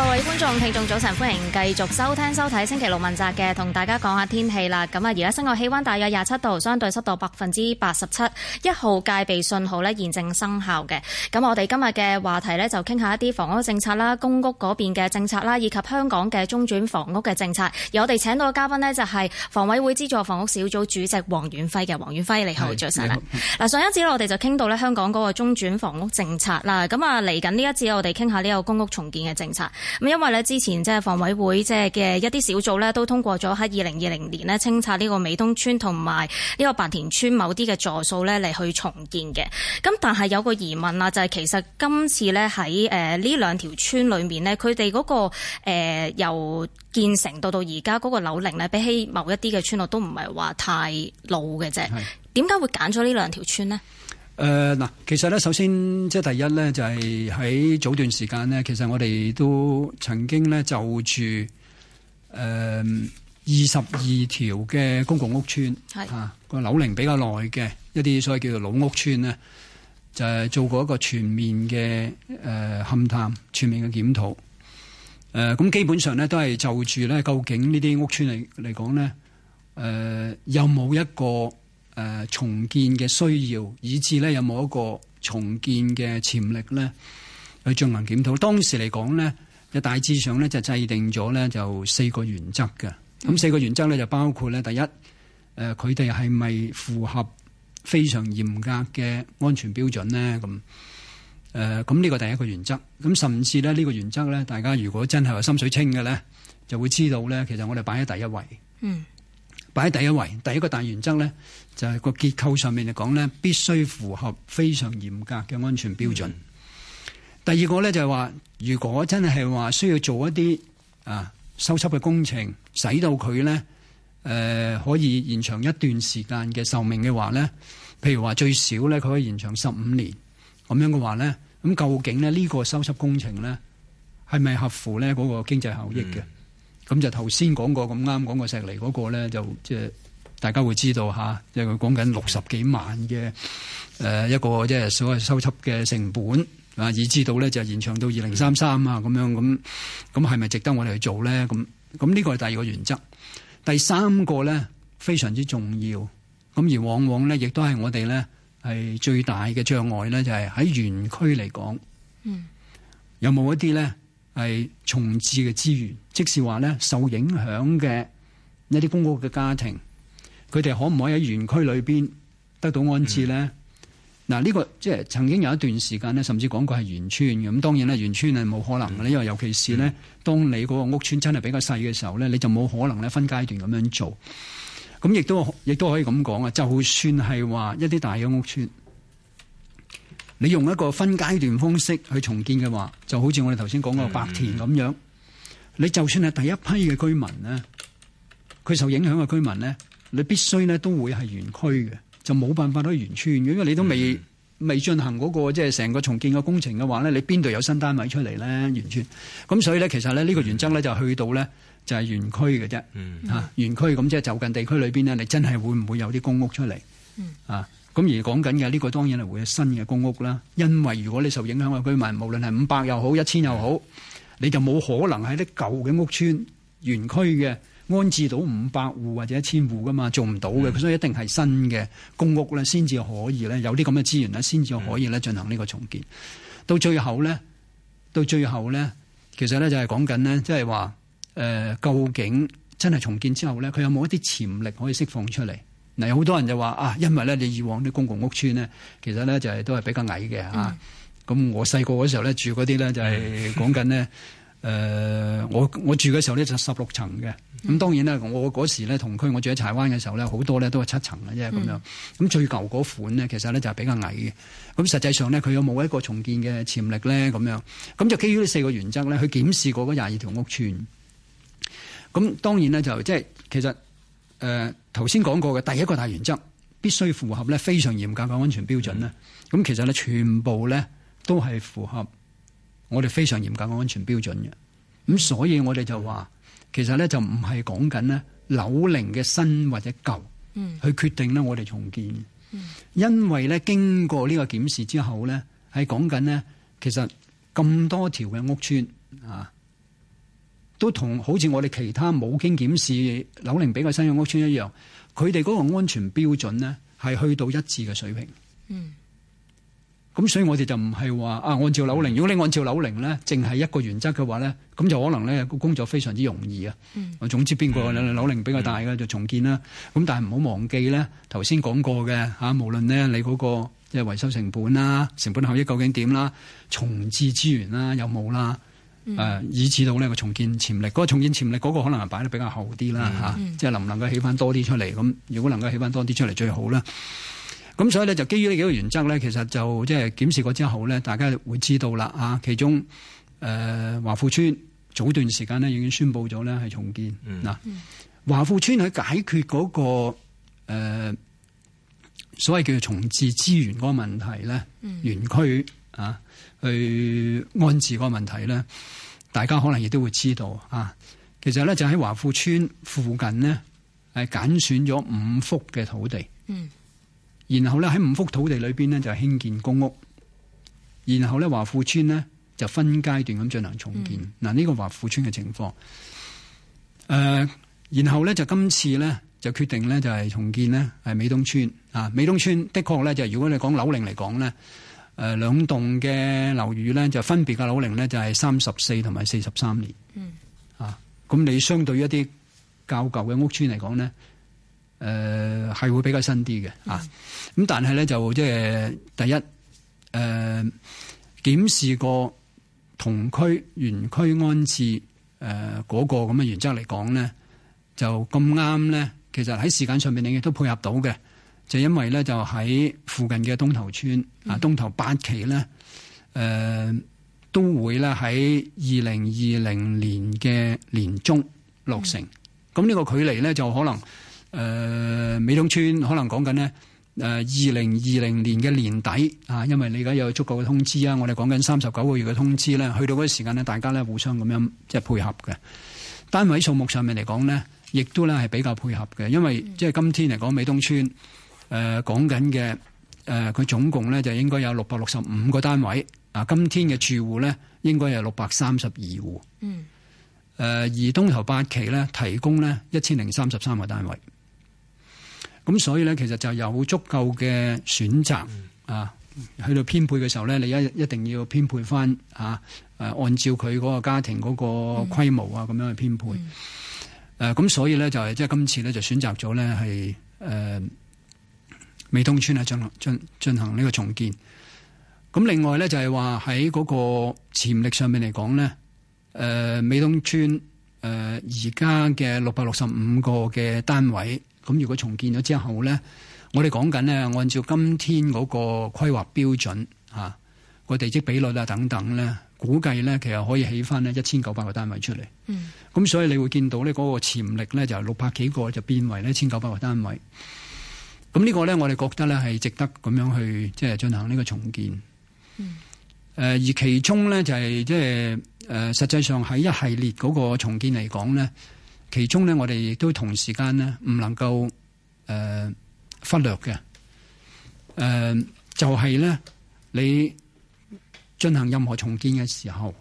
各位觀眾、聽眾，早晨！歡迎繼續收聽、收睇星期六問責嘅，同大家講下天氣啦。咁啊，而家室外氣溫大約廿七度，相對濕度百分之八十七，一號戒備信號呢，現正生效嘅。咁我哋今日嘅話題呢，就傾下一啲房屋政策啦、公屋嗰邊嘅政策啦，以及香港嘅中轉房屋嘅政策。而我哋請到嘅嘉賓呢，就係房委會資助房屋小組主席黃遠輝嘅，黃遠輝你好，早晨是！嗱，上一節我哋就傾到呢香港嗰個中轉房屋政策啦。咁啊，嚟緊呢一節我哋傾下呢個公屋重建嘅政策。咁因為咧，之前即係房委會即係嘅一啲小組咧，都通過咗喺二零二零年呢清拆呢個美東村同埋呢個白田村某啲嘅座數咧嚟去重建嘅。咁但係有個疑問啊，就係、是、其實今次咧喺誒呢兩條村裏面呢，佢哋嗰個、呃、由建成到到而家嗰個樓齡咧，比起某一啲嘅村落都唔係話太老嘅啫。點解會揀咗呢兩條村呢？誒，嗱、呃，其實咧，首先即係第一咧，就係、是、喺早段時間咧，其實我哋都曾經咧就住誒二十二條嘅公共屋邨，係是啊個樓齡比較耐嘅一啲，所謂叫做老屋邨咧，就係做過一個全面嘅誒勘探、全面嘅檢討。誒、呃，咁基本上咧都係就住咧，究竟呢啲屋邨嚟嚟講咧，誒、呃、有冇一個，誒、呃、重建嘅需要，以至咧有冇一個重建嘅潛力咧，去進行檢討。當時嚟講咧，就大致上咧就制定咗咧就四個原則嘅。咁、嗯、四個原則咧就包括咧第一，誒佢哋係咪符合非常嚴格嘅安全標準咧？咁誒咁呢個第一個原則。咁甚至咧呢、呢個原則咧，大家如果真係有心水清嘅咧，就會知道咧其實我哋擺喺第一位。嗯，擺喺第一位。第一個大原則咧。就係個結構上面嚟講呢，必須符合非常嚴格嘅安全標準。嗯、第二個呢，就係話，如果真係話需要做一啲啊修葺嘅工程，使到佢呢誒可以延長一段時間嘅壽命嘅話呢，譬如話最少呢，佢可以延長十五年咁樣嘅話呢，咁究竟咧呢個修葺工程呢係咪合乎呢嗰個經濟效益嘅？咁、嗯、就頭先講過咁啱講過石梨嗰個咧，就即係。大家會知道嚇，因為佢講緊六十幾萬嘅誒一個，即係所謂收葺嘅成本啊，以至到咧就延長到二零三三啊，咁樣咁咁係咪值得我哋去做咧？咁咁呢個係第二個原則，第三個咧非常之重要，咁而往往咧亦都係我哋咧係最大嘅障礙咧，就係、是、喺園區嚟講，嗯、有冇一啲咧係重置嘅資源，即是話咧受影響嘅一啲公屋嘅家庭。佢哋可唔可以喺園區裏邊得到安置咧？嗱、嗯這個，呢個即係曾經有一段時間咧，甚至講過係原村。咁當然咧，原村係冇可能嘅，因為尤其是咧，當你嗰個屋村真係比較細嘅時候咧，你就冇可能咧分階段咁樣做。咁亦都亦都可以咁講啊，就算係話一啲大嘅屋村，你用一個分階段方式去重建嘅話，就好似我哋頭先講個白田咁樣，嗯、你就算係第一批嘅居民咧，佢受影響嘅居民咧。你必須咧都會係原區嘅，就冇辦法喺原村嘅，因為你都未、嗯、未進行嗰、那個即係成個重建嘅工程嘅話咧，你邊度有新單位出嚟咧原村？咁所以咧，其實咧呢個原則咧就去到咧就係原區嘅啫，嚇、嗯啊、原區咁即係就近地區裏邊咧，你真係會唔會有啲公屋出嚟？啊，咁而講緊嘅呢個當然係會有新嘅公屋啦，因為如果你受影響嘅居民無論係五百又好，一千又好，好嗯、你就冇可能喺啲舊嘅屋村原區嘅。安置到五百戶或者一千戶噶嘛，做唔到嘅，佢所以一定係新嘅公屋咧，先至可以咧，有啲咁嘅資源咧，先至可以咧進行呢個重建。到最後咧，到最後咧，其實咧就係講緊咧，即係話誒，究竟真係重建之後咧，佢有冇一啲潛力可以釋放出嚟？嗱，有好多人就話啊，因為咧你以往啲公共屋邨咧，其實咧就係、是、都係比較矮嘅、嗯、啊。咁我細個嗰時候咧住嗰啲咧就係講緊咧。嗯誒、呃、我我住嘅時候咧就十六層嘅，咁當然啦，我嗰時咧同區我住喺柴灣嘅時候咧好多咧都係七層嘅啫咁樣，咁、嗯、最舊嗰款呢，其實咧就係比較矮嘅，咁實際上呢，佢有冇一個重建嘅潛力咧咁樣？咁就基於呢四個原則咧，佢檢視過嗰廿二條屋邨。咁當然呢，就即係其實誒頭先講過嘅第一個大原則必須符合呢非常嚴格嘅安全標準咧，咁、嗯、其實呢，全部呢都係符合。我哋非常嚴格嘅安全標準嘅，咁、嗯、所以我哋就話，其實咧就唔係講緊咧樓齡嘅新或者舊，嗯，去決定咧我哋重建。嗯、因為咧經過呢個檢視之後咧，係講緊咧其實咁多條嘅屋村啊，都同好似我哋其他冇經檢視樓齡比較新嘅屋村一樣，佢哋嗰個安全標準咧係去到一致嘅水平。嗯。咁所以我哋就唔係話啊，按照樓齡。如果你按照樓齡咧，淨係一個原則嘅話咧，咁就可能咧個工作非常之容易啊。嗯、總之邊個樓齡比較大嘅就重建啦。咁、嗯、但係唔好忘記咧，頭先講過嘅嚇，無論咧你嗰個即係維修成本啦、成本效益究竟點啦、重置資源啦有冇啦，誒、嗯，以至到呢、呢個重建潛力。嗰個重建潛力嗰個可能擺得比較後啲啦嚇，即係能唔能夠起翻多啲出嚟？咁如果能夠起翻多啲出嚟，最好啦。咁所以咧，就基於呢幾個原則咧，其實就即係檢視過之後咧，大家會知道啦啊。其中，誒華富村早段時間呢，已經宣布咗咧係重建。嗱、嗯，嗯、華富村去解決嗰、那個、呃、所謂叫做重置資源嗰個問題咧，園、嗯、區啊去安置嗰個問題咧，大家可能亦都會知道啊。其實咧，就喺華富村附近呢，係揀選咗五幅嘅土地。嗯然後咧喺五幅土地裏邊呢，就興建公屋，然後咧華富村呢，就分階段咁進行重建。嗱呢、嗯、個華富村嘅情況，誒、呃，然後咧就今次咧就決定咧就係重建呢，係美東村啊。美東村的確咧就是、如果你講樓齡嚟講咧，誒、呃、兩棟嘅樓宇咧就分別嘅樓齡咧就係三十四同埋四十三年。嗯啊，咁你相對於一啲較舊嘅屋村嚟講咧。誒係、呃、會比較新啲嘅的啊。咁但係咧，就即、就、係、是、第一誒、呃、檢視過同區、原區安置誒嗰、呃那個咁嘅原則嚟講咧，就咁啱咧。其實喺時間上面，你亦都配合到嘅，就因為咧就喺附近嘅東頭村、嗯、啊，東頭八期咧誒、呃、都會咧喺二零二零年嘅年中落成。咁呢、嗯、個距離咧就可能。誒、呃、美東村可能講緊呢，誒二零二零年嘅年底啊，因為你而家有足夠嘅通知啊，我哋講緊三十九個月嘅通知咧，去到嗰時間呢大家呢互相咁樣即係、就是、配合嘅。單位數目上面嚟講呢，亦都呢係比較配合嘅，因為、嗯、即係今天嚟講美東村誒講緊嘅誒，佢、呃呃、總共呢就應該有六百六十五個單位啊。今天嘅住戶呢，應該有六百三十二戶。嗯。誒、呃、而東頭八期呢，提供呢一千零三十三個單位。咁所以咧，其實就有足夠嘅選擇、嗯、啊！去到編配嘅時候咧，你一一定要編配翻啊！誒，按照佢嗰個家庭嗰個規模、嗯、啊，咁樣去編配。誒，咁所以咧就係即係今次咧就選擇咗呢係誒美東村啊，進進進行呢個重建。咁另外咧就係話喺嗰個潛力上面嚟講呢，誒、呃、美東村誒而家嘅六百六十五個嘅單位。咁如果重建咗之後咧，嗯、我哋講緊咧，按照今天嗰個規劃標準啊，個地積比率啊等等咧，估計咧其實可以起翻呢一千九百個單位出嚟。嗯。咁所以你會見到咧嗰個潛力咧就係六百幾個就變為呢一千九百個單位。咁呢個咧我哋覺得咧係值得咁樣去即係進行呢個重建。嗯。誒而其中咧就係即係誒實際上喺一系列嗰個重建嚟講咧。其中咧，我哋亦都同時間咧，唔能夠誒、呃、忽略嘅。誒、呃、就係咧，你進行任何重建嘅時候，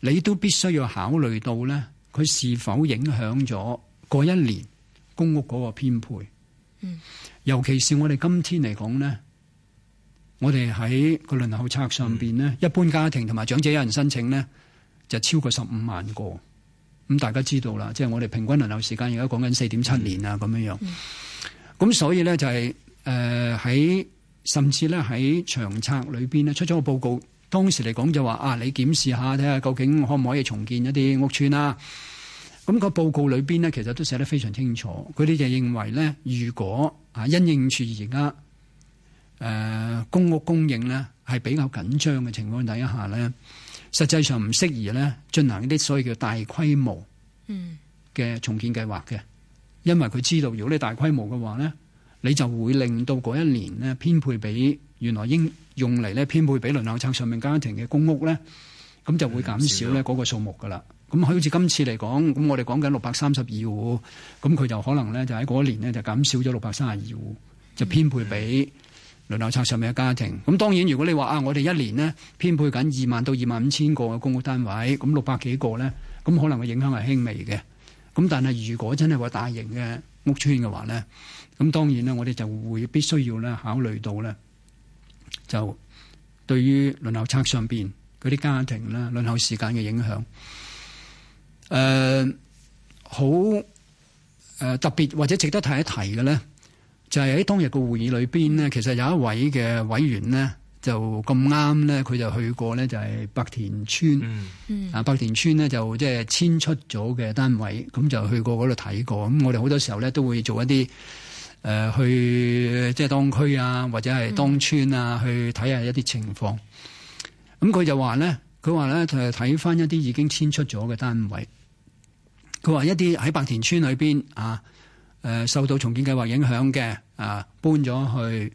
你都必須要考慮到咧，佢是否影響咗過一年公屋嗰個編配。嗯，尤其是我哋今天嚟講咧，我哋喺個輪候冊上邊咧，嗯、一般家庭同埋長者有人申請咧，就超過十五萬個。咁大家知道啦，即、就、係、是、我哋平均輪候時間而家講緊四點七年啊，咁樣樣。咁、嗯、所以咧就係誒喺甚至咧喺長策裏面呢，出咗個報告，當時嚟講就話啊，你檢視下睇下究竟可唔可以重建一啲屋邨啊？咁、嗯，那個報告裏面呢，其實都寫得非常清楚，佢哋就認為呢，如果啊因應住而家誒公屋供應呢，係比較緊張嘅情況底下呢。實際上唔適宜咧進行啲所謂叫大規模嘅重建計劃嘅，因為佢知道如果你大規模嘅話咧，你就會令到嗰一年咧編配俾原來應用嚟咧編配俾輪候冊上面家庭嘅公屋咧，咁就會減少咧嗰個數目噶啦。咁好似今次嚟講，咁我哋講緊六百三十二戶，咁佢就可能咧就喺嗰一年咧就減少咗六百三十二戶，就編配俾。輪候冊上面嘅家庭，咁當然，如果你話啊，我哋一年呢編配緊二萬到二萬五千個嘅公屋單位，咁六百幾個咧，咁可能嘅影響係輕微嘅。咁但係如果真係話大型嘅屋邨嘅話咧，咁當然咧，我哋就會必須要咧考慮到咧，就對於輪候冊上邊嗰啲家庭啦、輪候時間嘅影響，誒好誒特別或者值得提一提嘅咧。就係喺當日個會議裏面呢，其實有一位嘅委員呢，就咁啱呢，佢就去過呢，就係白田村。嗯、啊白田村呢，就即係遷出咗嘅單位，咁就去過嗰度睇過。咁我哋好多時候呢，都會做一啲誒、呃、去即係當區啊，或者係當村啊、嗯、去睇下一啲情況。咁佢就話呢，佢話呢，就係睇翻一啲已經遷出咗嘅單位。佢話一啲喺白田村裏邊啊。誒受到重建計劃影響嘅，啊搬咗去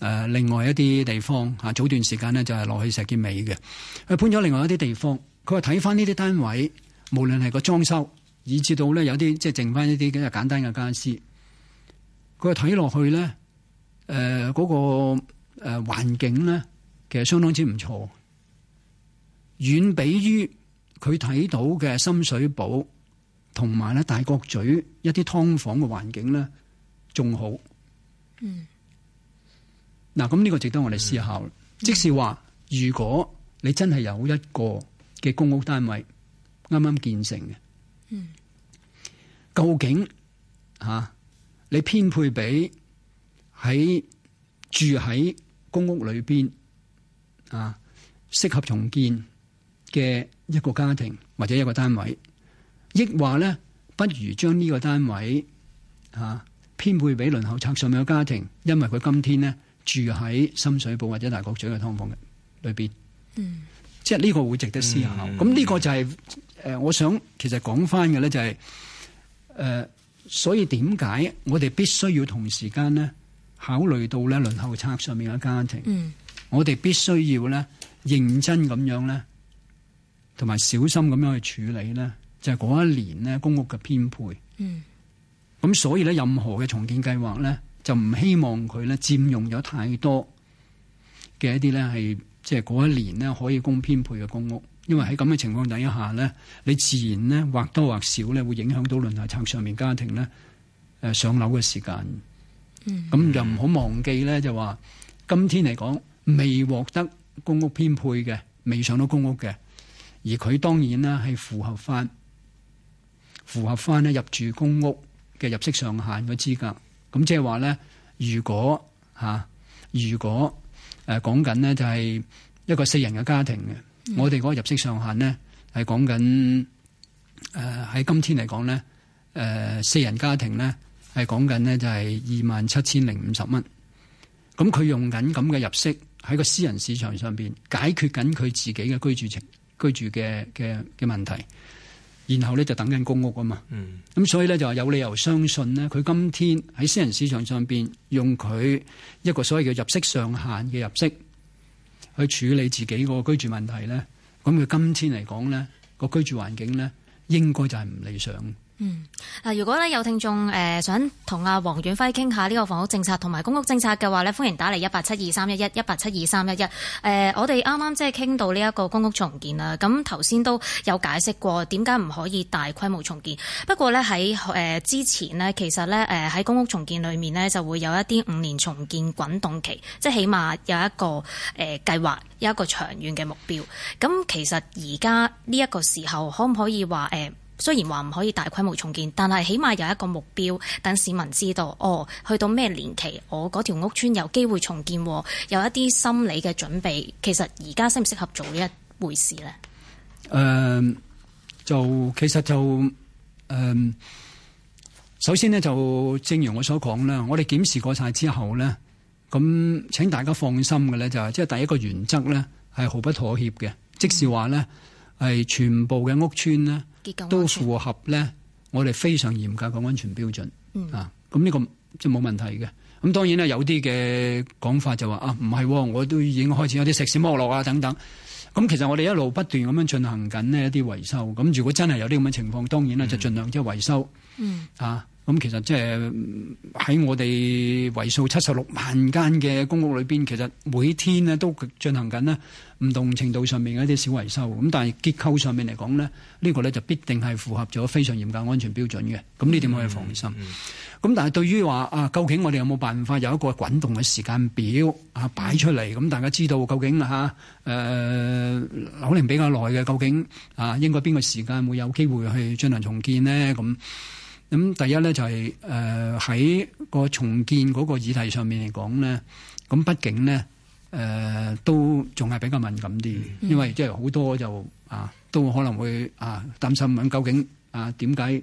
誒另外一啲地方。啊早段時間呢，就係落去石硤尾嘅，佢搬咗另外一啲地方。佢話睇翻呢啲單位，無論係個裝修，以至到咧有啲即係剩翻一啲嘅簡單嘅傢俬。佢話睇落去咧，誒、那、嗰個誒環境咧，其實相當之唔錯，遠比於佢睇到嘅深水埗。同埋咧，大角咀一啲劏房嘅環境咧，仲好。嗯。嗱，咁呢個值得我哋思考。嗯、即使話，如果你真係有一個嘅公屋單位啱啱建成嘅，嗯，究竟嚇、啊、你編配俾喺住喺公屋裏邊啊，適合重建嘅一個家庭或者一個單位。亦話咧，不如將呢個單位嚇編配俾輪候冊上面嘅家庭，因為佢今天咧住喺深水埗或者大角咀嘅劏房嘅裏邊。嗯，即係呢個會值得思考。咁呢、嗯嗯嗯嗯、個就係、是、誒、呃，我想其實講翻嘅咧就係、是、誒、呃，所以點解我哋必、嗯、必須要同時間咧考慮到咧輪候冊上面嘅家庭？嗯，我哋必須要咧認真咁樣咧，同埋小心咁樣去處理咧。就係嗰一年咧，公屋嘅編配。嗯。咁所以咧，任何嘅重建計劃咧，就唔希望佢咧佔用咗太多嘅一啲咧，係即係嗰一年咧可以供編配嘅公屋。因為喺咁嘅情況底下咧，你自然咧或多或少咧會影響到輪候冊上面家庭咧，誒上樓嘅時間。嗯。咁又唔好忘記咧，就話今天嚟講，未獲得公屋編配嘅，未上到公屋嘅，而佢當然咧係符合翻。符合翻呢入住公屋嘅入息上限嘅資格，咁即係話咧，如果嚇、啊，如果誒講緊呢，就、啊、係一個四人嘅家庭嘅，嗯、我哋嗰個入息上限呢，係講緊誒喺今天嚟講呢，誒、呃、四人家庭呢，係講緊呢，就係二萬七千零五十蚊，咁、嗯、佢用緊咁嘅入息喺個私人市場上邊解決緊佢自己嘅居住情居住嘅嘅嘅問題。然後咧就等緊公屋啊嘛，咁、嗯、所以咧就有理由相信咧，佢今天喺私人市場上面用佢一個所謂嘅入息上限嘅入息去處理自己個居住問題咧，咁佢今天嚟講咧，個居住環境咧應該就係唔理想。嗯，嗱，如果咧有聽眾誒想同阿黃遠輝傾下呢個房屋政策同埋公屋政策嘅話呢，歡迎打嚟一八七二三一一，一八七二三一一。誒、呃，我哋啱啱即係傾到呢一個公屋重建啦，咁頭先都有解釋過點解唔可以大規模重建。不過呢，喺誒之前呢，其實呢，誒喺公屋重建裏面呢，就會有一啲五年重建滾動期，即係起碼有一個誒計劃，有一個長遠嘅目標。咁其實而家呢一個時候可唔可以話誒？雖然話唔可以大規模重建，但係起碼有一個目標，等市民知道哦。去到咩年期，我、哦、嗰條屋村有機會重建，哦、有一啲心理嘅準備。其實而家適唔適合做呢一回事呢？誒、呃，就其實就誒、呃，首先呢，就正如我所講啦，我哋檢視過晒之後呢，咁請大家放心嘅呢，就係即係第一個原則呢，係毫不妥協嘅，嗯、即係話呢，係全部嘅屋村呢。都符合咧，我哋非常嚴格嘅安全標準、嗯、啊！咁呢個即冇問題嘅。咁當然啦，有啲嘅講法就話啊，唔係、哦，我都已經開始有啲石屎剝落啊等等。咁其實我哋一路不斷咁樣進行緊呢一啲維修。咁如果真係有啲咁嘅情況，當然呢就盡量即係維修、嗯嗯、啊。咁其實即係喺我哋為數七十六萬間嘅公屋裏邊，其實每天呢都進行緊呢唔同程度上面嘅一啲小維修。咁但係結構上面嚟講呢，呢個咧就必定係符合咗非常嚴格安全標準嘅。咁呢點可以放心。咁、嗯嗯、但係對於話啊，究竟我哋有冇辦法有一個滾動嘅時間表啊擺出嚟？咁、嗯、大家知道究竟嚇誒可能比較耐嘅，究竟啊應該邊個時間會有機會去進行重建呢？咁咁第一咧就係誒喺個重建嗰個議題上面嚟講咧，咁畢竟呢，誒都仲係比較敏感啲，嗯、因為即係好多就啊都可能會啊擔心問究竟為什麼為什麼這啊點解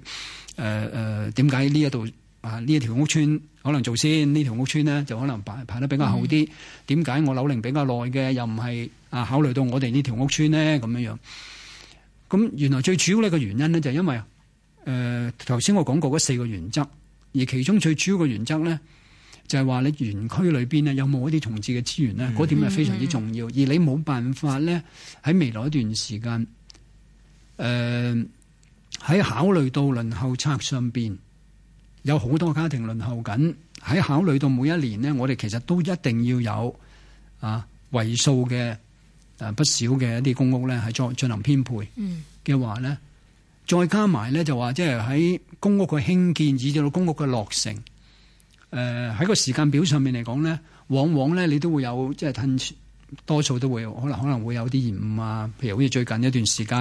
誒誒點解呢一度啊呢條屋村可能先做先，呢條屋村呢就可能排排得比較好啲？點解、嗯、我樓齡比較耐嘅又唔係啊考慮到我哋呢條屋村呢咁樣樣？咁原來最主要呢個原因呢，就係因為。誒頭先我講過嗰四個原則，而其中最主要嘅原則咧，就係、是、話你園區裏邊咧有冇一啲重置嘅資源咧，嗰、嗯、點係非常之重要。嗯嗯、而你冇辦法咧喺未來一段時間，誒、呃、喺考慮到輪候冊上邊有好多家庭輪候緊，喺考慮到每一年呢，我哋其實都一定要有啊為數嘅啊不少嘅一啲公屋咧，係作進行編配嘅話咧。嗯再加埋咧，就話即係喺公屋嘅興建，以至到公屋嘅落成。喺、呃、個時間表上面嚟講咧，往往咧你都會有即係多數都會可能可能會有啲延誤啊。譬如好似最近一段時間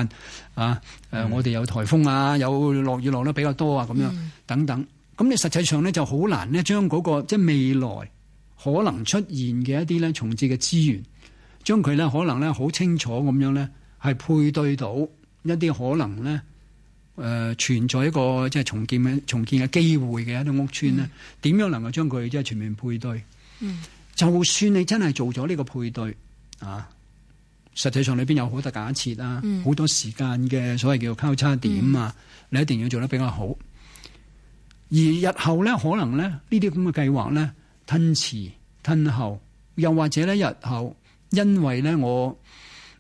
啊，嗯呃、我哋有颱風啊，有落雨落得比較多啊，咁樣、嗯、等等。咁你實際上咧就好難咧、那個，將嗰個即係未來可能出現嘅一啲咧，重置嘅資源，將佢咧可能咧好清楚咁樣咧係配對到一啲可能咧。誒、呃，存在一個即係重建嘅重建嘅機會嘅一啲屋村咧，點、嗯、樣能夠將佢即係全面配對？嗯，就算你真係做咗呢個配對啊，實際上裏邊有好多假設啊，好、嗯、多時間嘅所謂叫做交叉點啊，嗯、你一定要做得比較好。而日後咧，可能咧呢啲咁嘅計劃咧，吞遲吞後，又或者咧日後，因為咧我。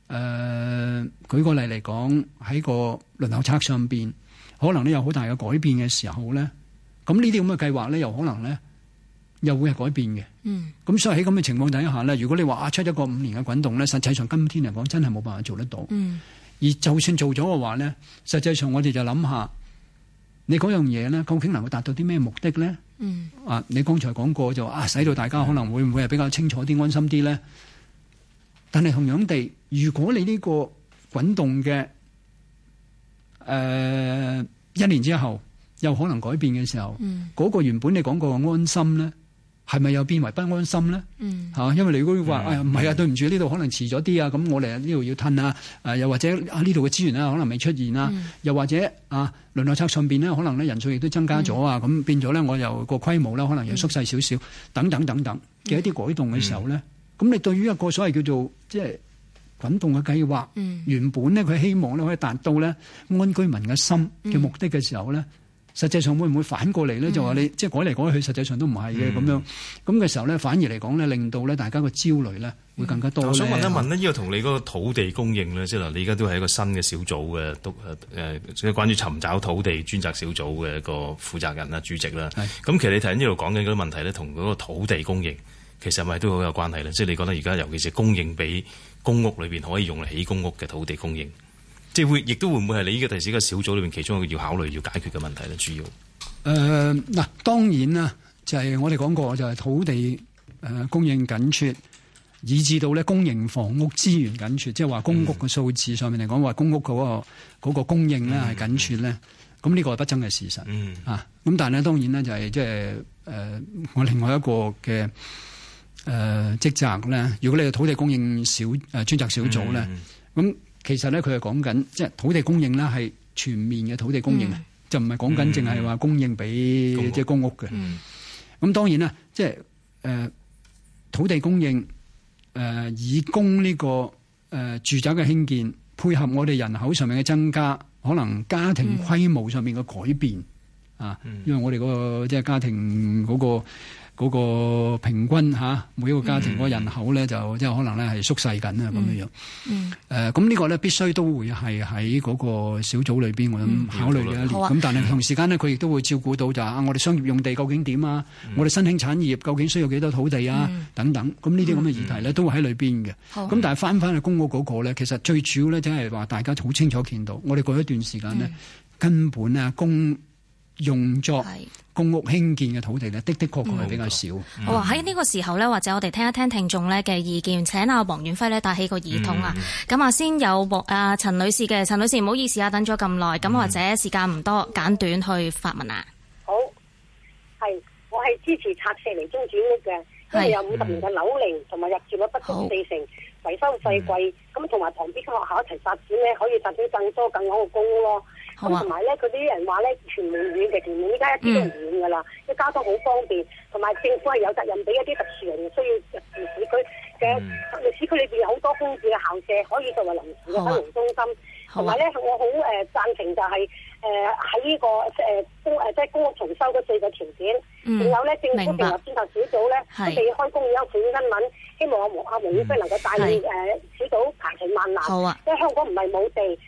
誒、呃，舉個例嚟講，喺個輪候冊上邊，可能咧有好大嘅改變嘅時候咧，咁呢啲咁嘅計劃咧，又可能咧，又會係改變嘅。嗯。咁所以喺咁嘅情況底下咧，如果你話啊出一個五年嘅滾動咧，實際上今天嚟講，真係冇辦法做得到。嗯。而就算做咗嘅話咧，實際上我哋就諗下，你嗰樣嘢咧，究竟能夠達到啲咩目的咧？嗯啊。啊，你剛才講過就啊，使到大家可能會唔會係比較清楚啲、安心啲咧？但係同樣地，如果你呢個滾動嘅誒、呃、一年之後有可能改變嘅時候，嗰、嗯、個原本你講過的安心咧，係咪又變為不安心咧？嚇、嗯啊，因為你如果話誒唔係啊，嗯、對唔住，呢度可能遲咗啲啊，咁我哋呢度要褪啊，誒又或者呢度嘅資源咧可能未出現啊，嗯、又或者啊輪候冊上面咧可能咧人數亦都增加咗啊，咁、嗯、變咗咧我由個規模咧可能又縮細少少，嗯、等等等等嘅一啲改動嘅時候咧。嗯嗯。咁你對於一個所謂叫做即係滾動嘅計劃，嗯、原本咧佢希望咧可以達到咧安居民嘅心嘅目的嘅時候咧，嗯、實際上會唔會反過嚟咧、嗯？就話你即係改嚟改去，實際上都唔係嘅咁樣。咁嘅時候咧，反而嚟講咧，令到咧大家嘅焦慮咧會更加多。嗯、我想問一問呢，呢是個同你嗰個土地供應咧，即係嗱，你而家都係一個新嘅小組嘅都即係關於尋找土地專責小組嘅一個負責人啦、主席啦。咁是其實你睇呢度講緊嗰啲問題咧，同嗰個土地供應。其實咪都好有關係咧，即係你覺得而家尤其是供應俾公屋裏邊可以用嚟起公屋嘅土地供應，即係會亦都會唔會係你呢個第四個小組裏邊其中一個要考慮要解決嘅問題咧？主要誒嗱、呃，當然啦，就係、是、我哋講過就係、是、土地誒、呃、供應緊缺，以至到咧供應房屋資源緊缺，即係話公屋嘅數字上面嚟講話公屋嗰、嗰個嗰個供應咧係緊缺咧，咁呢、嗯、個係不爭嘅事實。嗯啊，咁但係咧當然咧就係即係誒我另外一個嘅。誒、呃、職責咧，如果你係土地供應小誒、呃、專責小組咧，咁、mm hmm. 其實咧佢係講緊，即係土地供應咧係全面嘅土地供應啊，mm hmm. 就唔係講緊淨係話供應俾即係公屋嘅。咁、mm hmm. 當然啦，即係誒、呃、土地供應誒、呃、以供呢、這個誒、呃、住宅嘅興建，配合我哋人口上面嘅增加，可能家庭規模上面嘅改變、mm hmm. 啊，因為我哋嗰、那個即係家庭嗰、那個。嗰個平均嚇，每一個家庭個人口咧就即係可能咧係縮細緊啊咁樣樣、嗯。嗯，咁呢、呃這個咧必須都會係喺嗰個小組裏邊我諗考慮一年咁、嗯啊、但係同時間呢，佢亦都會照顧到就係啊我哋商業用地究竟點啊？嗯、我哋新興產業究竟需要幾多土地啊？嗯、等等。咁呢啲咁嘅議題咧都會喺裏邊嘅。咁、嗯嗯、但係翻返去公屋嗰、那個咧，其實最主要咧就係話大家好清楚見到，我哋過一段時間、嗯、呢，根本咧公。用作公屋興建嘅土地呢，的的確確係比較少、嗯嗯好。我話喺呢個時候呢，或者我哋聽一聽聽眾呢嘅意見。請阿黃遠輝呢帶起個耳筒啊。咁啊，先有黃啊陳女士嘅。陳女士唔好意思啊，等咗咁耐。咁或者時間唔多，簡短去發問啊。好，係我係支持拆卸嚟中轉屋嘅，因為有五十年嘅樓齡，同埋入住率不足四成，好維修費貴。咁同埋旁邊嘅學校一齊發展呢，可以發展更多更好嘅公屋咯。咁同埋咧，佢啲人話咧，全面遠嘅，全面依家一啲都唔遠噶啦，啲交通好方便，同埋政府係有責任俾一啲特殊人需要入住佢嘅特市區裏邊、嗯、有好多空置嘅校舍可以作為臨時嘅收容中心，同埋咧我好誒贊成就係誒喺呢個誒、呃、公誒即係公屋重修嗰四個條件，仲、嗯、有咧政府成立專責小組咧，都未開工，有傳聞希望阿黃阿黃遠輝能夠帶誒小組。南好啊！即係香港唔係冇地，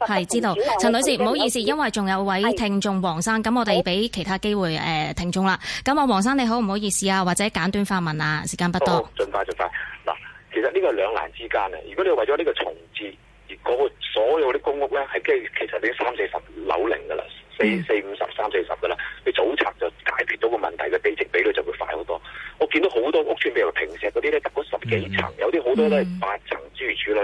係知道。小陳女士唔好意思，因為仲有位聽眾黃生，咁是我哋俾其他機會誒聽眾啦。咁啊、哦，黃、呃、生你好，唔好意思啊，或者簡短發問啊，時間不多。儘快儘快嗱，其實呢個係兩難之間啊！如果你為咗呢個重置而嗰、那個所有啲公屋咧係即係其實你三四十樓齡噶啦，四四五十三四十噶啦，嗯、你早拆就解決到個問題嘅地積比率就會快好多。我見到好多屋邨，譬如平石嗰啲咧，搭咗十幾層，嗯、有啲好多都係八層。資源處理，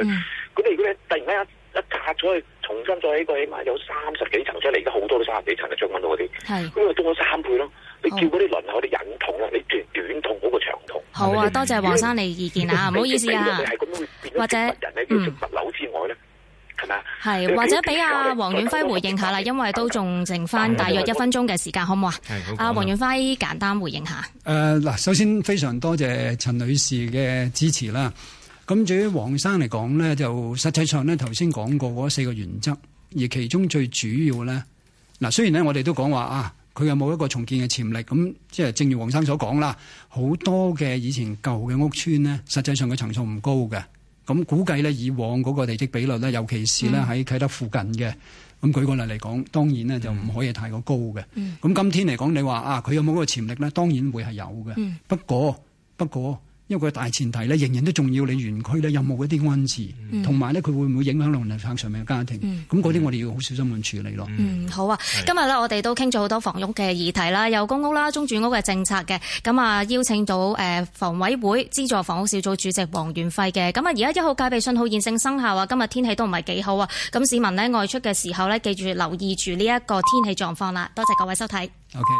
咁你如果咧突然間一一拆咗佢，重新再起個，起碼有三十幾層出嚟，而家好多都三十幾層嘅將軍路嗰啲，咁啊多咗三倍咯。你叫嗰啲輪候，你忍痛啦，你斷短痛好過長痛。好啊，多謝黃生你意見啊，唔好意思啊，或者人叫做物樓之外咧，係咪啊？係或者俾阿黃遠輝回應下啦，因為都仲剩翻大約一分鐘嘅時間，好唔好啊？阿黃遠輝簡單回應下。誒嗱，首先非常多謝陳女士嘅支持啦。咁至於黃生嚟講呢，就實際上呢，頭先講過嗰四個原則，而其中最主要呢，嗱雖然呢，我哋都講話啊，佢有冇一個重建嘅潛力？咁即係正如黃生所講啦，好多嘅以前舊嘅屋村呢，實際上嘅層數唔高嘅。咁估計呢，以往嗰個地積比率呢，尤其是呢，喺啟德附近嘅，咁、嗯、舉個例嚟講，當然呢，就唔可以太過高嘅。咁、嗯、今天嚟講，你話啊，佢有冇嗰個潛力呢？當然會係有嘅、嗯。不過不過。因為佢大前提咧，仍然都仲要你園區咧有冇一啲安置，同埋咧佢會唔會影響到樓上上面嘅家庭？咁嗰啲我哋要好小心咁處理咯。嗯，嗯好啊。是的 今日咧，我哋都傾咗好多房屋嘅議題啦，有公屋啦、中轉屋嘅政策嘅。咁啊，邀請到誒房委會資助房屋小組主席黃遠輝嘅。咁啊，而家一號戒備信號現正生效啊，今日天，天氣都唔係幾好啊。咁市民呢外出嘅時候呢，記住留意住呢一個天氣狀況啦。多謝各位收睇。OK。